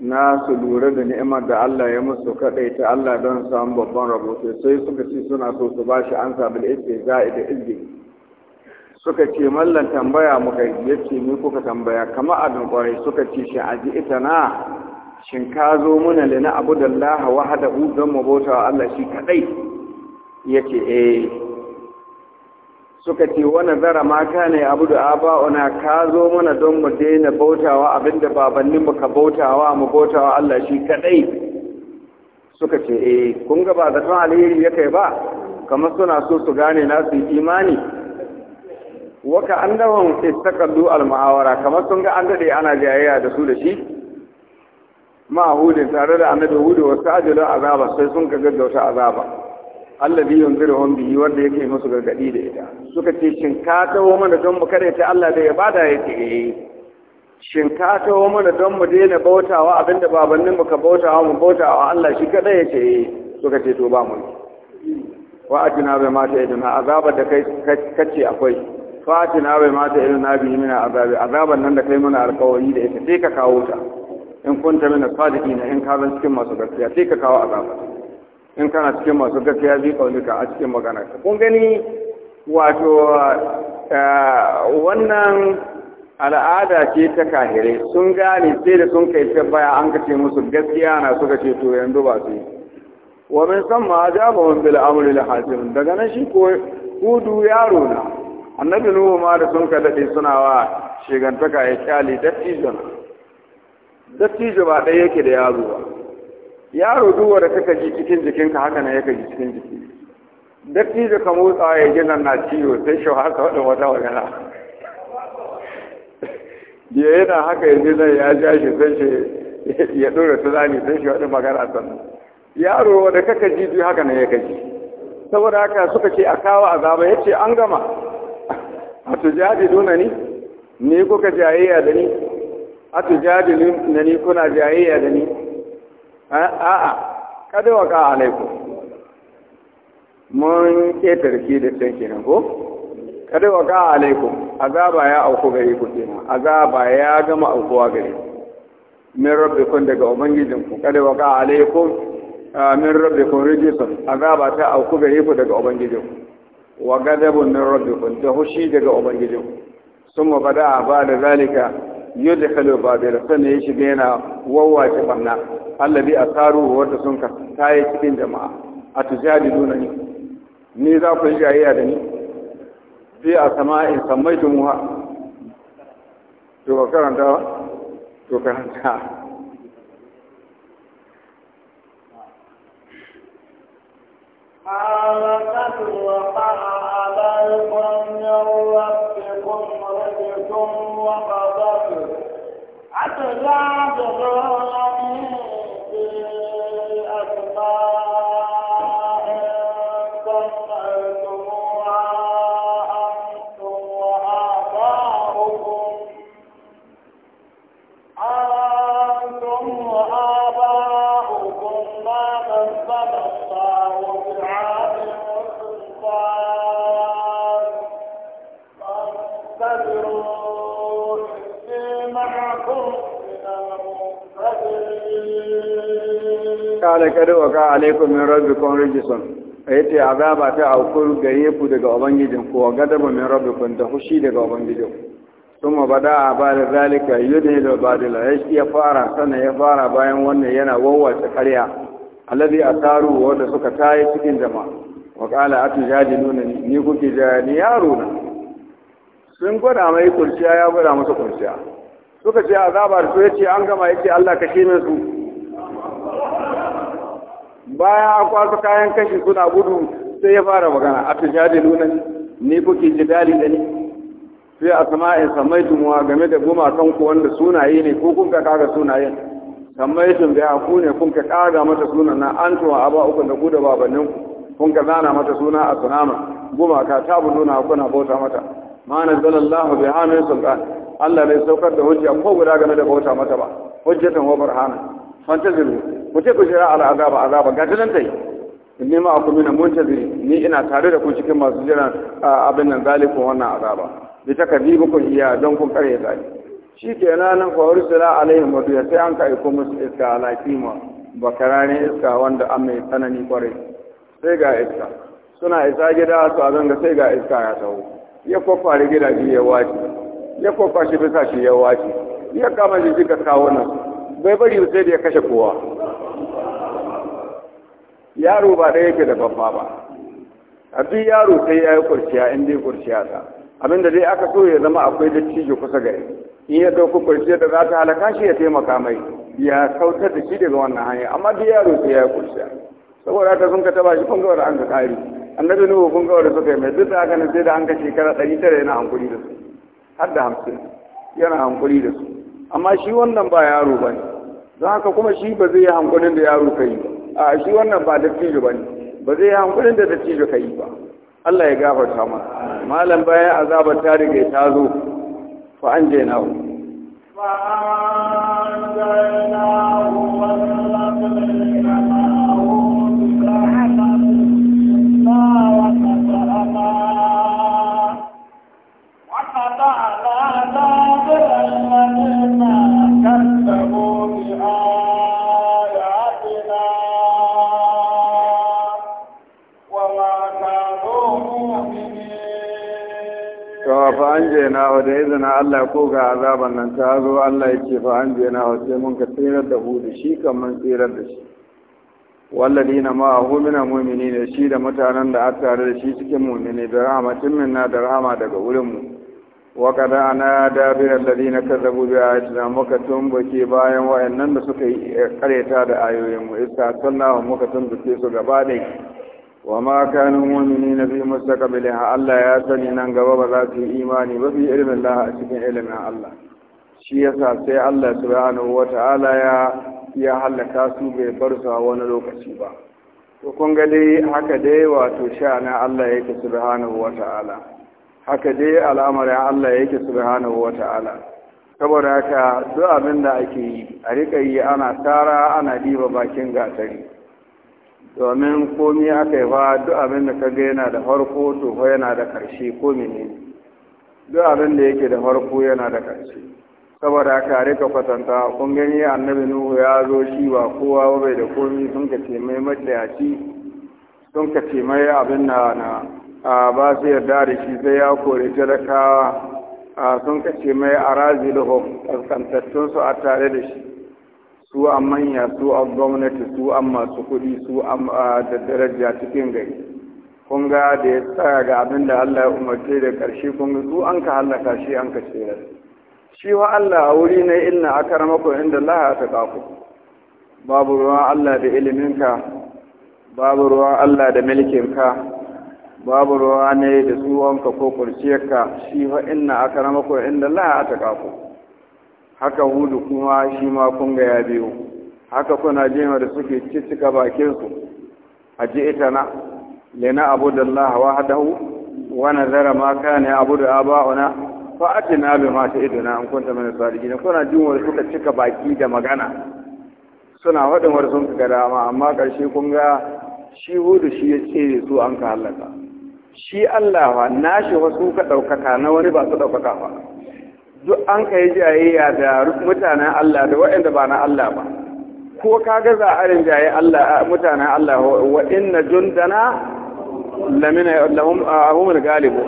na su lura da ni'imar da Allah ya musu kadai ta Allah don samun babban rabo sai suka ce suna so su bashi an samu da za'ida da suka ce mallan tambaya muka yace ni kuka tambaya kama adun kwarai suka ce shi aji ita na shin ka zo muna lina abu wahdahu don mu bauta Allah shi kadai yace eh suka ce wani zara mata ne abu da ona ka zo mana don mu daina bautawa abinda babannin mu ka bautawa mu bautawa Allah shi kadai suka ce eh kun ga ba zaton alheri ya kai ba kamar suna so su gane na su imani waka annahum istaqallu al-mu'awara kamar sun ga an dade ana jayayya da su da shi ma hudin tare da annabi hudu wasu ajalin azaba sai sun ga gaggauta azaba Allah allazi yunziruhum biyu wanda yake musu gargadi da ita suka ce shin ka tawo mana don mu kare ta Allah da ya bada yake eh shin ka tawo mana don mu daina bautawa abinda babannin mu ka bautawa mu bautawa Allah shi kada ya eh suka ce to ba mu wa atina bai mata iduna azabar da kai kace akwai fatina bai mata na bi mina azabi azabar nan da kai mana alkawari da ita sai ka kawo ta in kunta mina sadiqina in ka zan cikin masu gaskiya sai ka kawo azabar in kana cikin masu gaskiya bi kaulika a cikin magana kun gani wato eh, wannan al'ada ce ta kahire sun gane sai da sun kai ta baya an kace musu gaskiya na suka ce to yanzu ba su wa min samma ajabahum bil amri al hasim daga nan shi ko hudu yaro na annabi nuhu ma da sun ka dade suna wa shigantaka ya kyale dattijo na dattijo ba ɗaya yake da yaro ba yaro duwa da kaka ji cikin jikinka haka na yaka ji cikin jiki ni da ka motsa ya gina na ciwo sai shi haka wadda wata magana ya yana haka ya gina ya ja shi sai shi ya su tunani sai shi wadda magana sannan yaro da kaka ji duk haka na yaka ji saboda haka suka ce a kawo azaba ya ce an gama a jaji duna ni ne kuka jayayya da ni a jaji na ni kuna jayayya da ni Eh, a'a kada wa ka alaiku mun ƙetar da can kenan ko kada wa ka alaiku azaba ya auku gare ku kenan azaba ya gama aukuwa gare min rabbikum daga ubangijin ku kada wa ka alaikum eh, min rabbikum rijisun azaba ta auku gare ku daga ubangijin ku wa gadabun min rabbikum ta hushi daga ubangijin ku sun mabada ba da zalika yadda da babila sannan ya shiga yana wawace barna allabi a tsaru wadda sun ka taye cikin jama'a a tujadi nuna ni ni za ku yi jayayya da ni fi a sama in sammai tumuwa to ka karanta to karanta آمنت وقع عليكم من ربكم رجس وغضب حتى لا تظلموا في أسمائكم kaduwa ka alaikum min rabbi rabbikum rijsun yace azaba ta auku gare ku daga ubangijin ku wa ba min rabbi kun da hushi daga ubangijin kuma bada a ba da zalika yudhi da badila ya fara sana ya fara bayan wannan yana ta karya alladhi asaru wanda suka tayi cikin jama'a wa qala atujadiluna ni kuke jani yaro na sun gwada mai kurciya ya gwada musu kurciya suka ce azaba to yace an gama yace Allah kashe min su bayan an kwaso kayan kashi suna gudu sai ya fara magana a jade nuna. ni kuke ji dali da ni sai a sama in samai tumuwa game da gumakan ku wanda sunaye ne ko kun ka kaga sunayen samai tun bai ku ne kun ka kaga mata sunan na an tuwa ba uku da ku da babannin ku kun ka zana mata suna a sunama gumaka ta buduna kuna bauta mata ma nazzalallahu biha min sultan Allah bai saukar da hujja ko guda game da bauta mata ba hujjatan wa barhana. fantazilu ku ce ku shira al'azaba azaba ga tunan tai inni ma aku mina muntaziri ni ina tare da ku cikin masu jiran abin nan zalikun wannan azaba bi muku iya don kun kare ta shi ke nan fa ursila alaihim wa sai an kai ku musu iska ala kima bakarane iska wanda an mai tsanani kwarai sai ga iska suna isa gida su a zanga sai ga iska ya taho ya kwakware gidaje ya wace ya shi bisa shi ya wace ya kama kawo nan. bai bari sai da ya kashe kowa yaro ba ɗaya yake da babba ba a duk yaro sai ya yi kurciya in dai kurciya ta abinda dai aka so ya zama akwai da cijo kusa gari in ya dauko kurciya da za ta halaka shi ya taimaka mai ya kautar da shi daga wannan hanya amma duk yaro sai ya yi kurciya saboda haka sun ka taba shi kun gawar an ka kari annabi nuhu kun gawar suka yi mai duk da haka sai da an ka shekara ɗari tara yana hankuri da su har da hamsin yana hankuri da su amma shi wannan ba yaro ba ne don haka kuma shi ba zai yi hankulin da yaro ka yi a shi wannan ba dattijo ba ne ba zai yi hankulin da dattijo ka yi ba Allah ya gafarta ma malam bayan azabar ta riga ta zo fa an je na an na wa da izinin Allah ko ga azaban nan ta zo Allah ya ce fa an na wa sai mun ka tsirar da hudu shi kan mun tsirar da shi walladina ma hu mina mu'mini ne shi da mutanen da aka tare da shi cikin mu'mini da rahmatin na da rahama daga wurin mu wa kada ana dabir alladina kazzabu bi ayatina muka tumbuke bayan wayannan da suka yi kareta da ayoyin mu isa sallahu muka tumbuke su gaba dai wa ma kanu mu'minina fi mustaqbilha Allah ya sani nan gaba ba za su yi imani ba fi ilmin Allah a cikin ilmin Allah shi yasa sai Allah subhanahu ta'ala ya ya halaka su bai bar su a wani lokaci ba to kun ga dai haka dai wato sha'ana Allah yake subhanahu ta'ala haka dai al'amarin Allah yake subhanahu wata'ala saboda haka duk abin da ake yi a riƙa yi ana tara ana diba bakin gatari domin komi aka yi fa duk abin da ka ga yana da farko to ko yana da karshe ko mene duk abin da yake da farko yana da karshe saboda haka rika kwatanta kun gani annabi nuhu ya zo shi ba kowa bai da komi sun ka ce mai matsayaci sun ka ce mai abin na na ba su yarda da shi sai ya kore talakawa sun ka ce mai arazilhum kaskantattun su a tare da shi su an manya su an gwamnati su an masu kuɗi su an da daraja cikin gari kun ga da ya tsaya ga abin da Allah ya umarce da ƙarshe kun ga su an ka hallaka shi an ka tsere shi wa Allah a wuri na inna aka ramako inda Allah ya taƙa ku babu ruwan Allah da iliminka babu ruwan Allah da milkinka babu ruwa ne da tsuwonka ko kurciyarka shi fa inna aka ramako inda Allah ya taƙa ku haka hudu kuma shi ma kun ga ya biyo haka kuna jima da suke cicika bakinsu a ji ita na lena abu da Allah wa hadahu wa nazara ma kana abu da aba'una fa atina bi ma ta iduna an kunta min salihin kuna jin wanda suka cika baki da magana suna wadin wanda sun ga dama amma karshe kun ga shi hudu shi ya tsere su an ka halaka shi Allah wa nashi wasu ka ɗaukaka na wani ba su ɗaukaka ba duk an yi jayayya da mutanen Allah da waɗanda ba na Allah ba ko ka ga za a rinjaye Allah mutanen Allah wa inna jundana lamina lahum galibu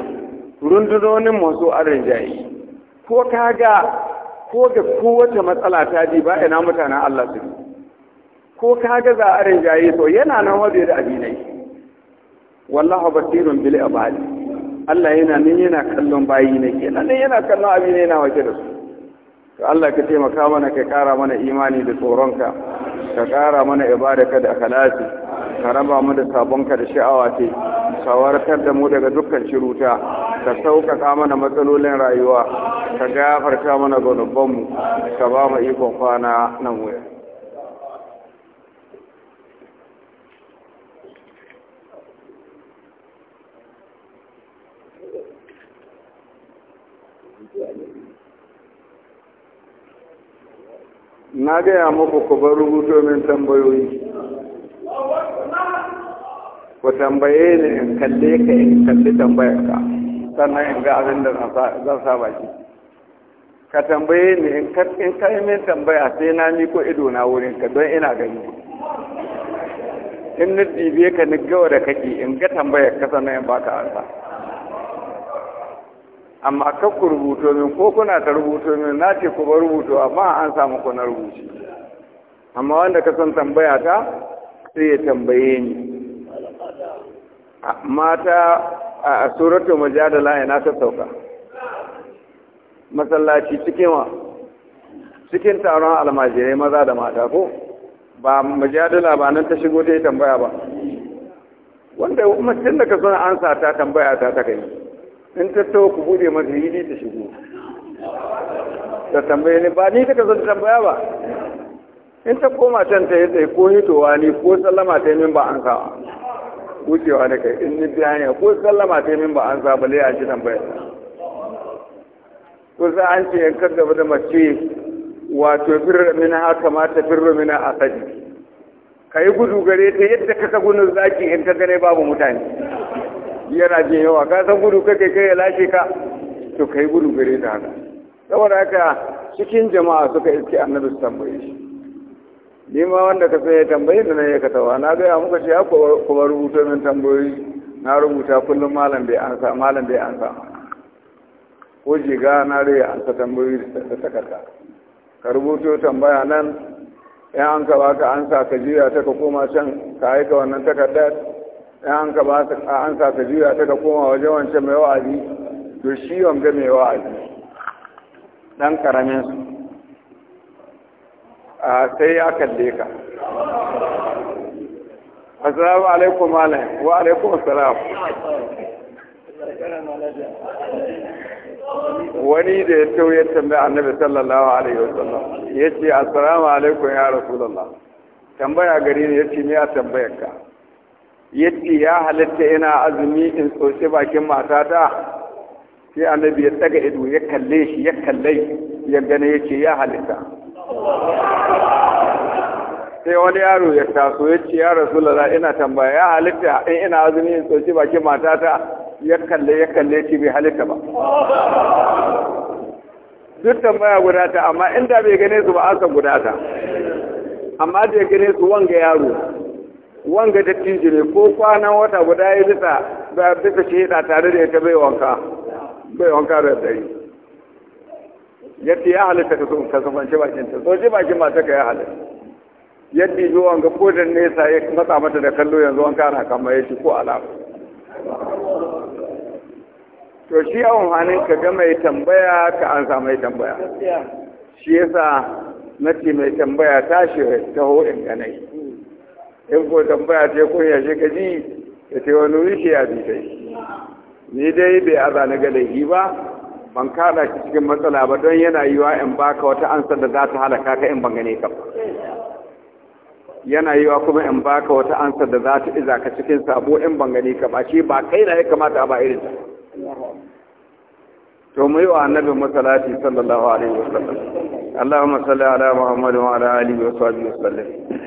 rundunonin masu an jaye ko ka ga ko ga kowace matsala ta ji ba ina mutanen Allah su ko ka ga za a rinjaye to yana nan waje da abinai wallahu basirun bil ibadi Allah yana nan yana kallon bayi ne kenan nan yana kallon abin ne yana waje da su to Allah ka taimaka mana ka kara mana imani da tsoronka ka kara mana ibada ibadaka da akhlasi ka raba mu da sabonka da sha'awa ce ka warkar da mu daga dukkan shiruta ka sauƙaƙa mana matsalolin rayuwa ka gafarta mana mu ka ba mu ikon kwana nan wuya na gaya muku ku bar rubuto min tambayoyi ku tambaye ni in kalle ka in kalli tambayar ka sannan in ga abin da zan sa baki ka tambaye ni in ka in ka yi min tambaya sai na ni ko ido na wurin ka don ina gani in na dibe ka ni gawa da kake in ga tambayar ka sannan in baka ansa amma kar ku rubuto min ko kuna ta rubuto min na ce ku ba rubuto amma an samu ku na rubuci amma wanda ka san tambaya ta sai ya tambaye ni mata a suratul mujadala ina ta sauka masallaci cikin wa cikin taron almajirai maza da mata ko ba mujadala ba nan ta shigo ta yi tambaya ba wanda mutum da ka suna ansa ta tambaya ta ta kai in tattawa ku bude mata hili ta shigo ta tambaye ni ba ni ta tambaya ba in ta koma can ta yi tsaye ko hitowa ne ko sallama ta yi min ba an kawo wucewa da kai in ni biya ko sallama ta yi min ba an sa bale a shi tambaya ko sai an ce yankar gaba da mace wato firar mina haka ma ta firra mina a sadi ka yi gudu gare ta yadda ka ka gudun zaki in ka gane babu mutane yana jin yawa ka san gudu kake kai ya lashe ka to kai gudu gare ta haka saboda haka cikin jama'a suka iske annabi su tambaye shi ni ma wanda ka sai ya tambaye ni nan ya ka tawa na gaya muka ce ya kuma rubuta min tambayoyi na rubuta kullum malam bai ansa malam bai ansa ko jiga na rai ansa tambayoyi da takarda ka rubuto tambaya nan ya an ka baka ansa ka jira ta ka koma can ka aika wannan takardar an ka ba an sa ta juya ta ka koma waje wancan mai wa'azi to shi wanga mai wa'azi dan karamin su a sai ya kalle ka assalamu alaikum malam wa alaikum assalam wani da ya tau ya tambaya annabi sallallahu alaihi wasallam ya ce assalamu alaikum ya rasulullah tambaya gari ne ya ce ne a tambayar ka yadda ya halatta ina azumi in tsotse bakin matata sai annabi ya tsaga ido ya kalle shi ya kalle ya gane yace ya halitta sai wani yaro ya taso ya ce ya rasulala ina tambaya ya halitta in ina azumi in tsotse bakin matata ya kalle ya kalle shi bai halitta ba duk tambaya guda ta amma inda bai gane su ba asan guda ta amma da ya gane su wanga yaro wanga da ne ko kwanan wata guda ya bisa ba bisa da tare da ita bai wanka bai wanka da dare yadda ya halitta ka sun kasance bakin ta so ji bakin mata ka ya halitta yadda yi wanga ko da nesa ya matsa mata da kallo yanzu wanka na kama ya ko alama to shi yawon hannun ka ga mai tambaya ka an sa mai tambaya shi yasa na ce mai tambaya tashi ta in ganai in ko tambaya ce kun ya ka ji ya ce wani wuri ya bi kai ni dai bai aza na ga laifi ba ban kada shi cikin matsala ba don yana yi wa in baka wata ansa da za ta halaka ka in ban gane ka yana yi wa kuma in baka wata ansa da za ta iza ka cikin sabo in ban gane ka ba shi ba kai na ya kamata ba irin ta to mu yi wa annabi masalati sallallahu alaihi wasallam Allahumma salli ala Muhammad wa ala alihi wa sahbihi wasallam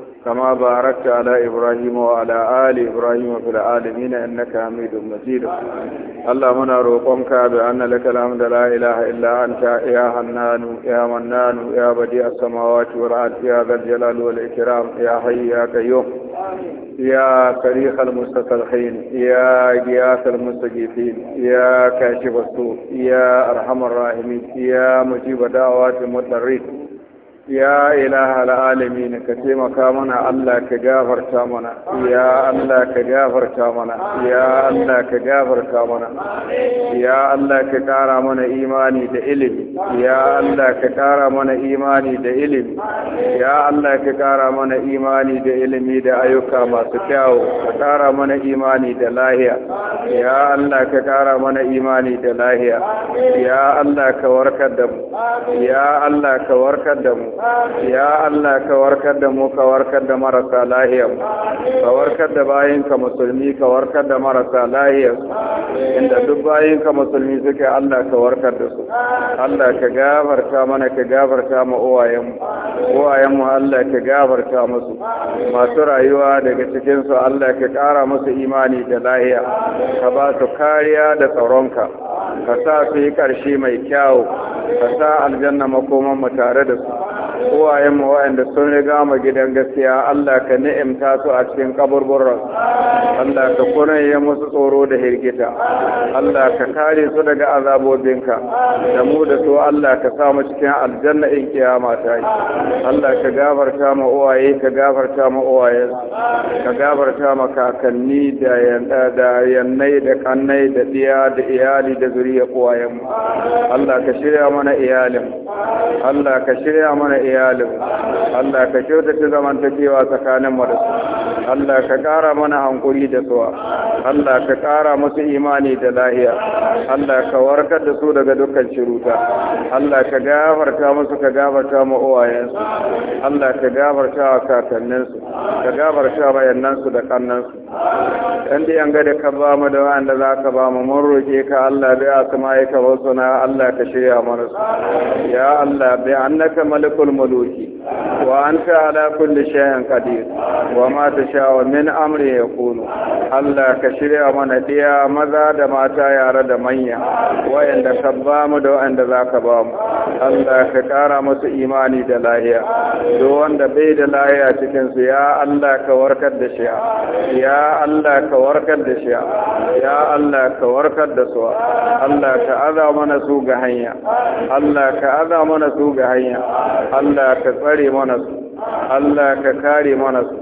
كما باركت على إبراهيم وعلى آل إبراهيم في العالمين إنك حميد مجيد اللهم نروقك بأن لك الحمد لا إله إلا أنت يا حنان يا منان يا بديع السماوات والأرض يا ذا الجلال والإكرام يا حي يا قيوم يا صريخ المستسلخين يا غياث المستجيبين يا كاشف السوء يا أرحم الراحمين يا مجيب دعوات المضطرين ya ilaha al'alami ka taimaka mana Allah ka gafarta mana ya Allah ka gafarta mana ya Allah ka gafarta mana ya Allah ka ƙara mana imani da ilimi ya Allah ka ƙara mana imani da ilimi ya Allah ka ƙara mana imani da ilimi da ayyuka masu kyawu ka ƙara mana imani da lahiya ya Allah ka ƙara mana imani da lahiya ya Allah ka warkar da mu ya Allah ka warkar da mu ya Allah ka warkar da mu ka warkar da marasa lahiyar ka warkar da bayinka musulmi ka warkar da marasa lahiyar inda duk bayinka musulmi suke Allah ka warkar da su Allah ka gafarta mana ka gafarta ma uwayenmu uwayenmu Allah ka gafarta musu masu rayuwa daga cikinsu Allah ka ƙara musu imani da lahiya ka ba su kariya da tsaronka ka sa su yi ƙarshe mai kyau. ka sa aljanna makoman mu tare da su uwayen mu wa'anda sun riga mu gidan gaskiya Allah ka ni'imta su a cikin kaburburan Allah ka kunaye musu tsoro da hirgita Allah ka kare su daga azabobinka da mu da su Allah ka sa mu cikin aljanna in kiyama ta yi Allah ka gafarta mu uwaye ka gafarta mu uwaye ka gafarta mu kakanni da da yannai da kannai da diya da iyali da zuriya uwayen mu Allah ka shirya mana iyalin Allah ka shirya mana iyalin iyalin Allah ka kyautata zamantakewa tsakanin mu da su Allah ka ƙara mana hankuri da su Allah ka ƙara musu imani da lahiya Allah ka warkar da su daga dukkan shiruta Allah ka gafarta musu ka gafarta mu Allah ka gafarta wa kakanninsu ka gafarta bayannansu da kannansu dan da yanga da ka ba mu da wanda za ka ba mu mun roƙe ka Allah bai asma'ika wa suna Allah ka shirya mana su ya Allah bai annaka malikul maloki wa an fi alaƙun da shayin ƙadir wa mata sha'awar min amri ya kunu allah ka shirya mana ɗiya maza da mata yara da manya wayanda ka ba mu da wayanda za ka ba allah ka ƙara musu imani da lahiya da bai da lahiya cikinsu ya allah ka warkar da shi ya allah ka warkar da shi ya allah ka warkar da su allah ka aza mana su ga hanya allah ka aza mana su ga hanya allah ka tsare mana su Allah ka kare mana su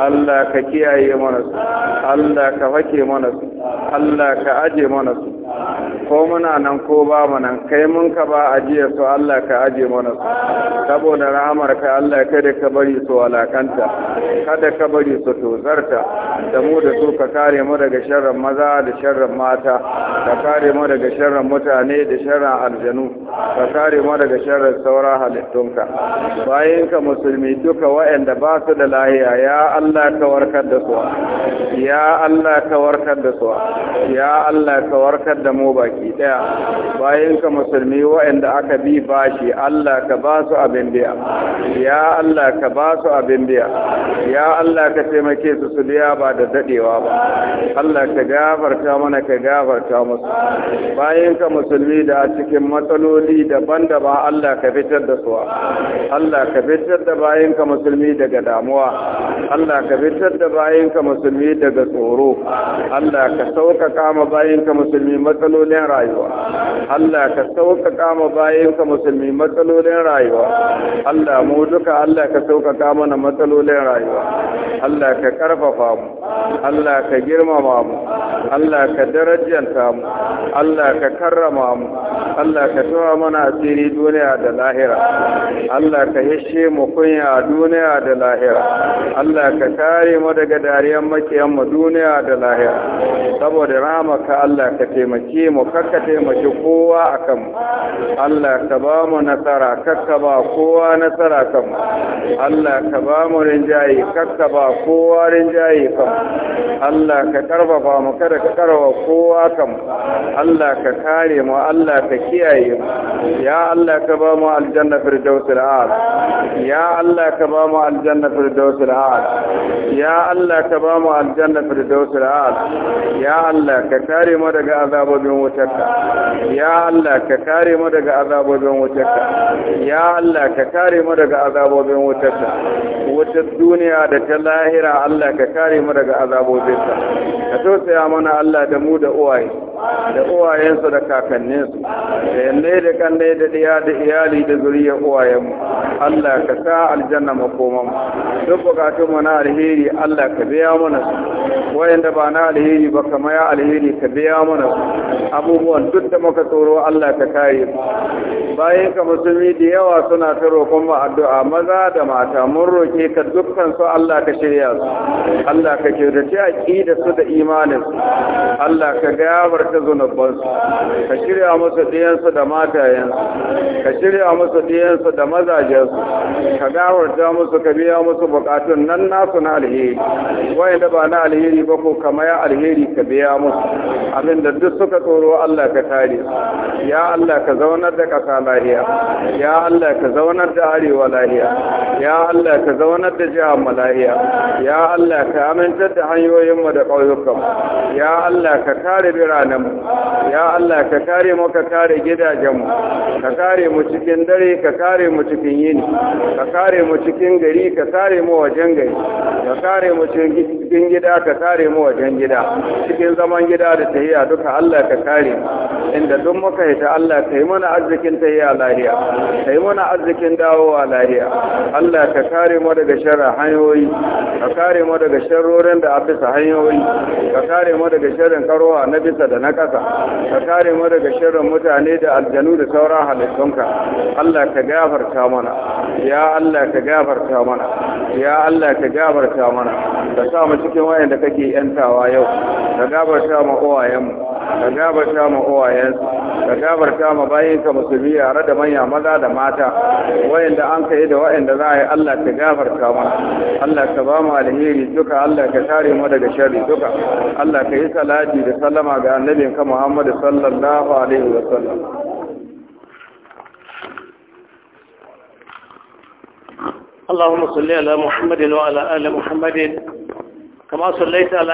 Allah ka kiyaye mana su Allah ka fake mana su Allah ka aje mana su ko muna nan ko ba mu nan kai mun ka ba ajiye su Allah ka aje mana su saboda ramar ka Allah kada ka bari su alakanta kada ka bari su tozarta da mu da su ka kare mu daga sharrin maza da sharrin mata ka kare mu daga sharrin mutane da sharrin aljanu ka kare mu daga sharrin saura halittunka bayan ka musulmi duka wa'anda ba su da lahiya ya Allah ka warkar da su ya Allah ka warkar da su ya Allah ka warkar da mu baki daya bayan ka musulmi wa'anda aka bi bashi Allah ka ba su abin biya ya Allah ka ba su abin biya ya Allah ka taimake su su biya ba da dadewa ba Allah ka gafarta mana ka gafarta musu bayan ka musulmi da a cikin matsaloli daban-daban Allah ka fitar da su Allah ka fitar da bayan bayinka musulmi daga damuwa Allah ka fitar da bayinka musulmi daga tsoro Allah ka sauƙaƙa ma bayinka musulmi matsalolin rayuwa Allah ka sauƙaƙa ma bayinka musulmi matsalolin rayuwa Allah mu duka Allah ka sauƙaƙa mana matsalolin rayuwa Allah ka karfafa mu Allah ka girmama mu Allah ka darajanta mu Allah ka karrama mu Allah ka tura mana asiri duniya da lahira Allah ka hishe mu kunya fitina duniya da lahira Allah ka kare mu daga dariyan makiyan mu duniya da lahira saboda rahmaka Allah ka taimake mu kakka taimake kowa akan mu Allah ka ba mu nasara kakka ba kowa nasara kan mu Allah ka ba mu rinjaye kakka ba kowa rinjaye kan Allah ka karfafa mu kada ka karwa kowa kan Allah ka kare mu Allah ka kiyaye mu ya Allah ka ba mu aljanna firdausul a'la ya Allah Allah ka ba mu aljanna firdaus al'al ya Allah ka ba mu aljanna firdaus al'al ya Allah ka kare mu daga azabobin wutarka ya Allah ka kare mu daga azabobin wutarka ya Allah ka kare mu daga azabobin wutarka wutar duniya da ta lahira Allah ka kare mu daga azabobinta ka tausaya mana Allah da mu da uwaye da uwayensu da kakanninsu da yanne da kanne da diya da iyali da zuriya uwayenmu Allah ka sa aljanna makoman duk bukatun mu na alheri Allah ka biya mana su wayanda ba na alheri ba kama ya alheri ka biya mana su abubuwan duk da muka tsoro Allah ka kare su. bayan ka musulmi da yawa suna ta roƙon ba addu'a maza da mata mun roƙe ka dukkan su Allah ka shirya su Allah ka kyautace da su da imanin su Allah ka gafarta zunuban su ka shirya musu diyan da matayen ka shirya musu diyan da mazajen ka da musu ka biya musu bukatun nan nasu na alheri da ba na alheri ba ko kama ya alheri ka biya musu da duk suka tsoro Allah ka tare ya Allah ka zaunar da kasa lahiya ya Allah ka zaunar da arewa lahiya ya Allah ka zaunar da jiha mu lahiya ya Allah ka amintar da hanyoyin mu da kauyukan ya Allah ka kare biranen mu ya Allah ka kare mu ka kare gidajen mu ka kare mu cikin dare ka kare mu cikin yini ka kare mu cikin gari ka kare mu wajen gari ka kare mu cikin gida ka kare mu wajen gida cikin zaman gida da tahiya duka Allah ka kare inda duk muka yi ta Allah kai mana arzikin tahiya lahiya kai mana arzikin dawowa lahiya Allah ka kare mu daga sharrin hanyoyi ka kare mu daga sharrorin da a bisa hanyoyi ka kare mu daga sharrin karowa na bisa da na ƙasa ka kare mu daga sharrin mutane da aljanu da sauran halittunka Allah ka gafarta mana ya ya Allah ka gafarta mana ya Allah ka gafarta mana ka sa mu cikin da kake yantawa yau ka gafarta mu uwayenmu ka gafarta mu uwayensu ka gafarta mu bayinka musulmi yare da manya maza da mata da an kai da da za a yi Allah ka gafarta mana Allah ka ba mu alheri duka Allah ka tare mu daga sharri duka Allah ka yi salati da sallama ga annabinka Muhammad sallallahu alaihi wa sallam اللهم صل على محمد وعلى آل محمد كما صليت على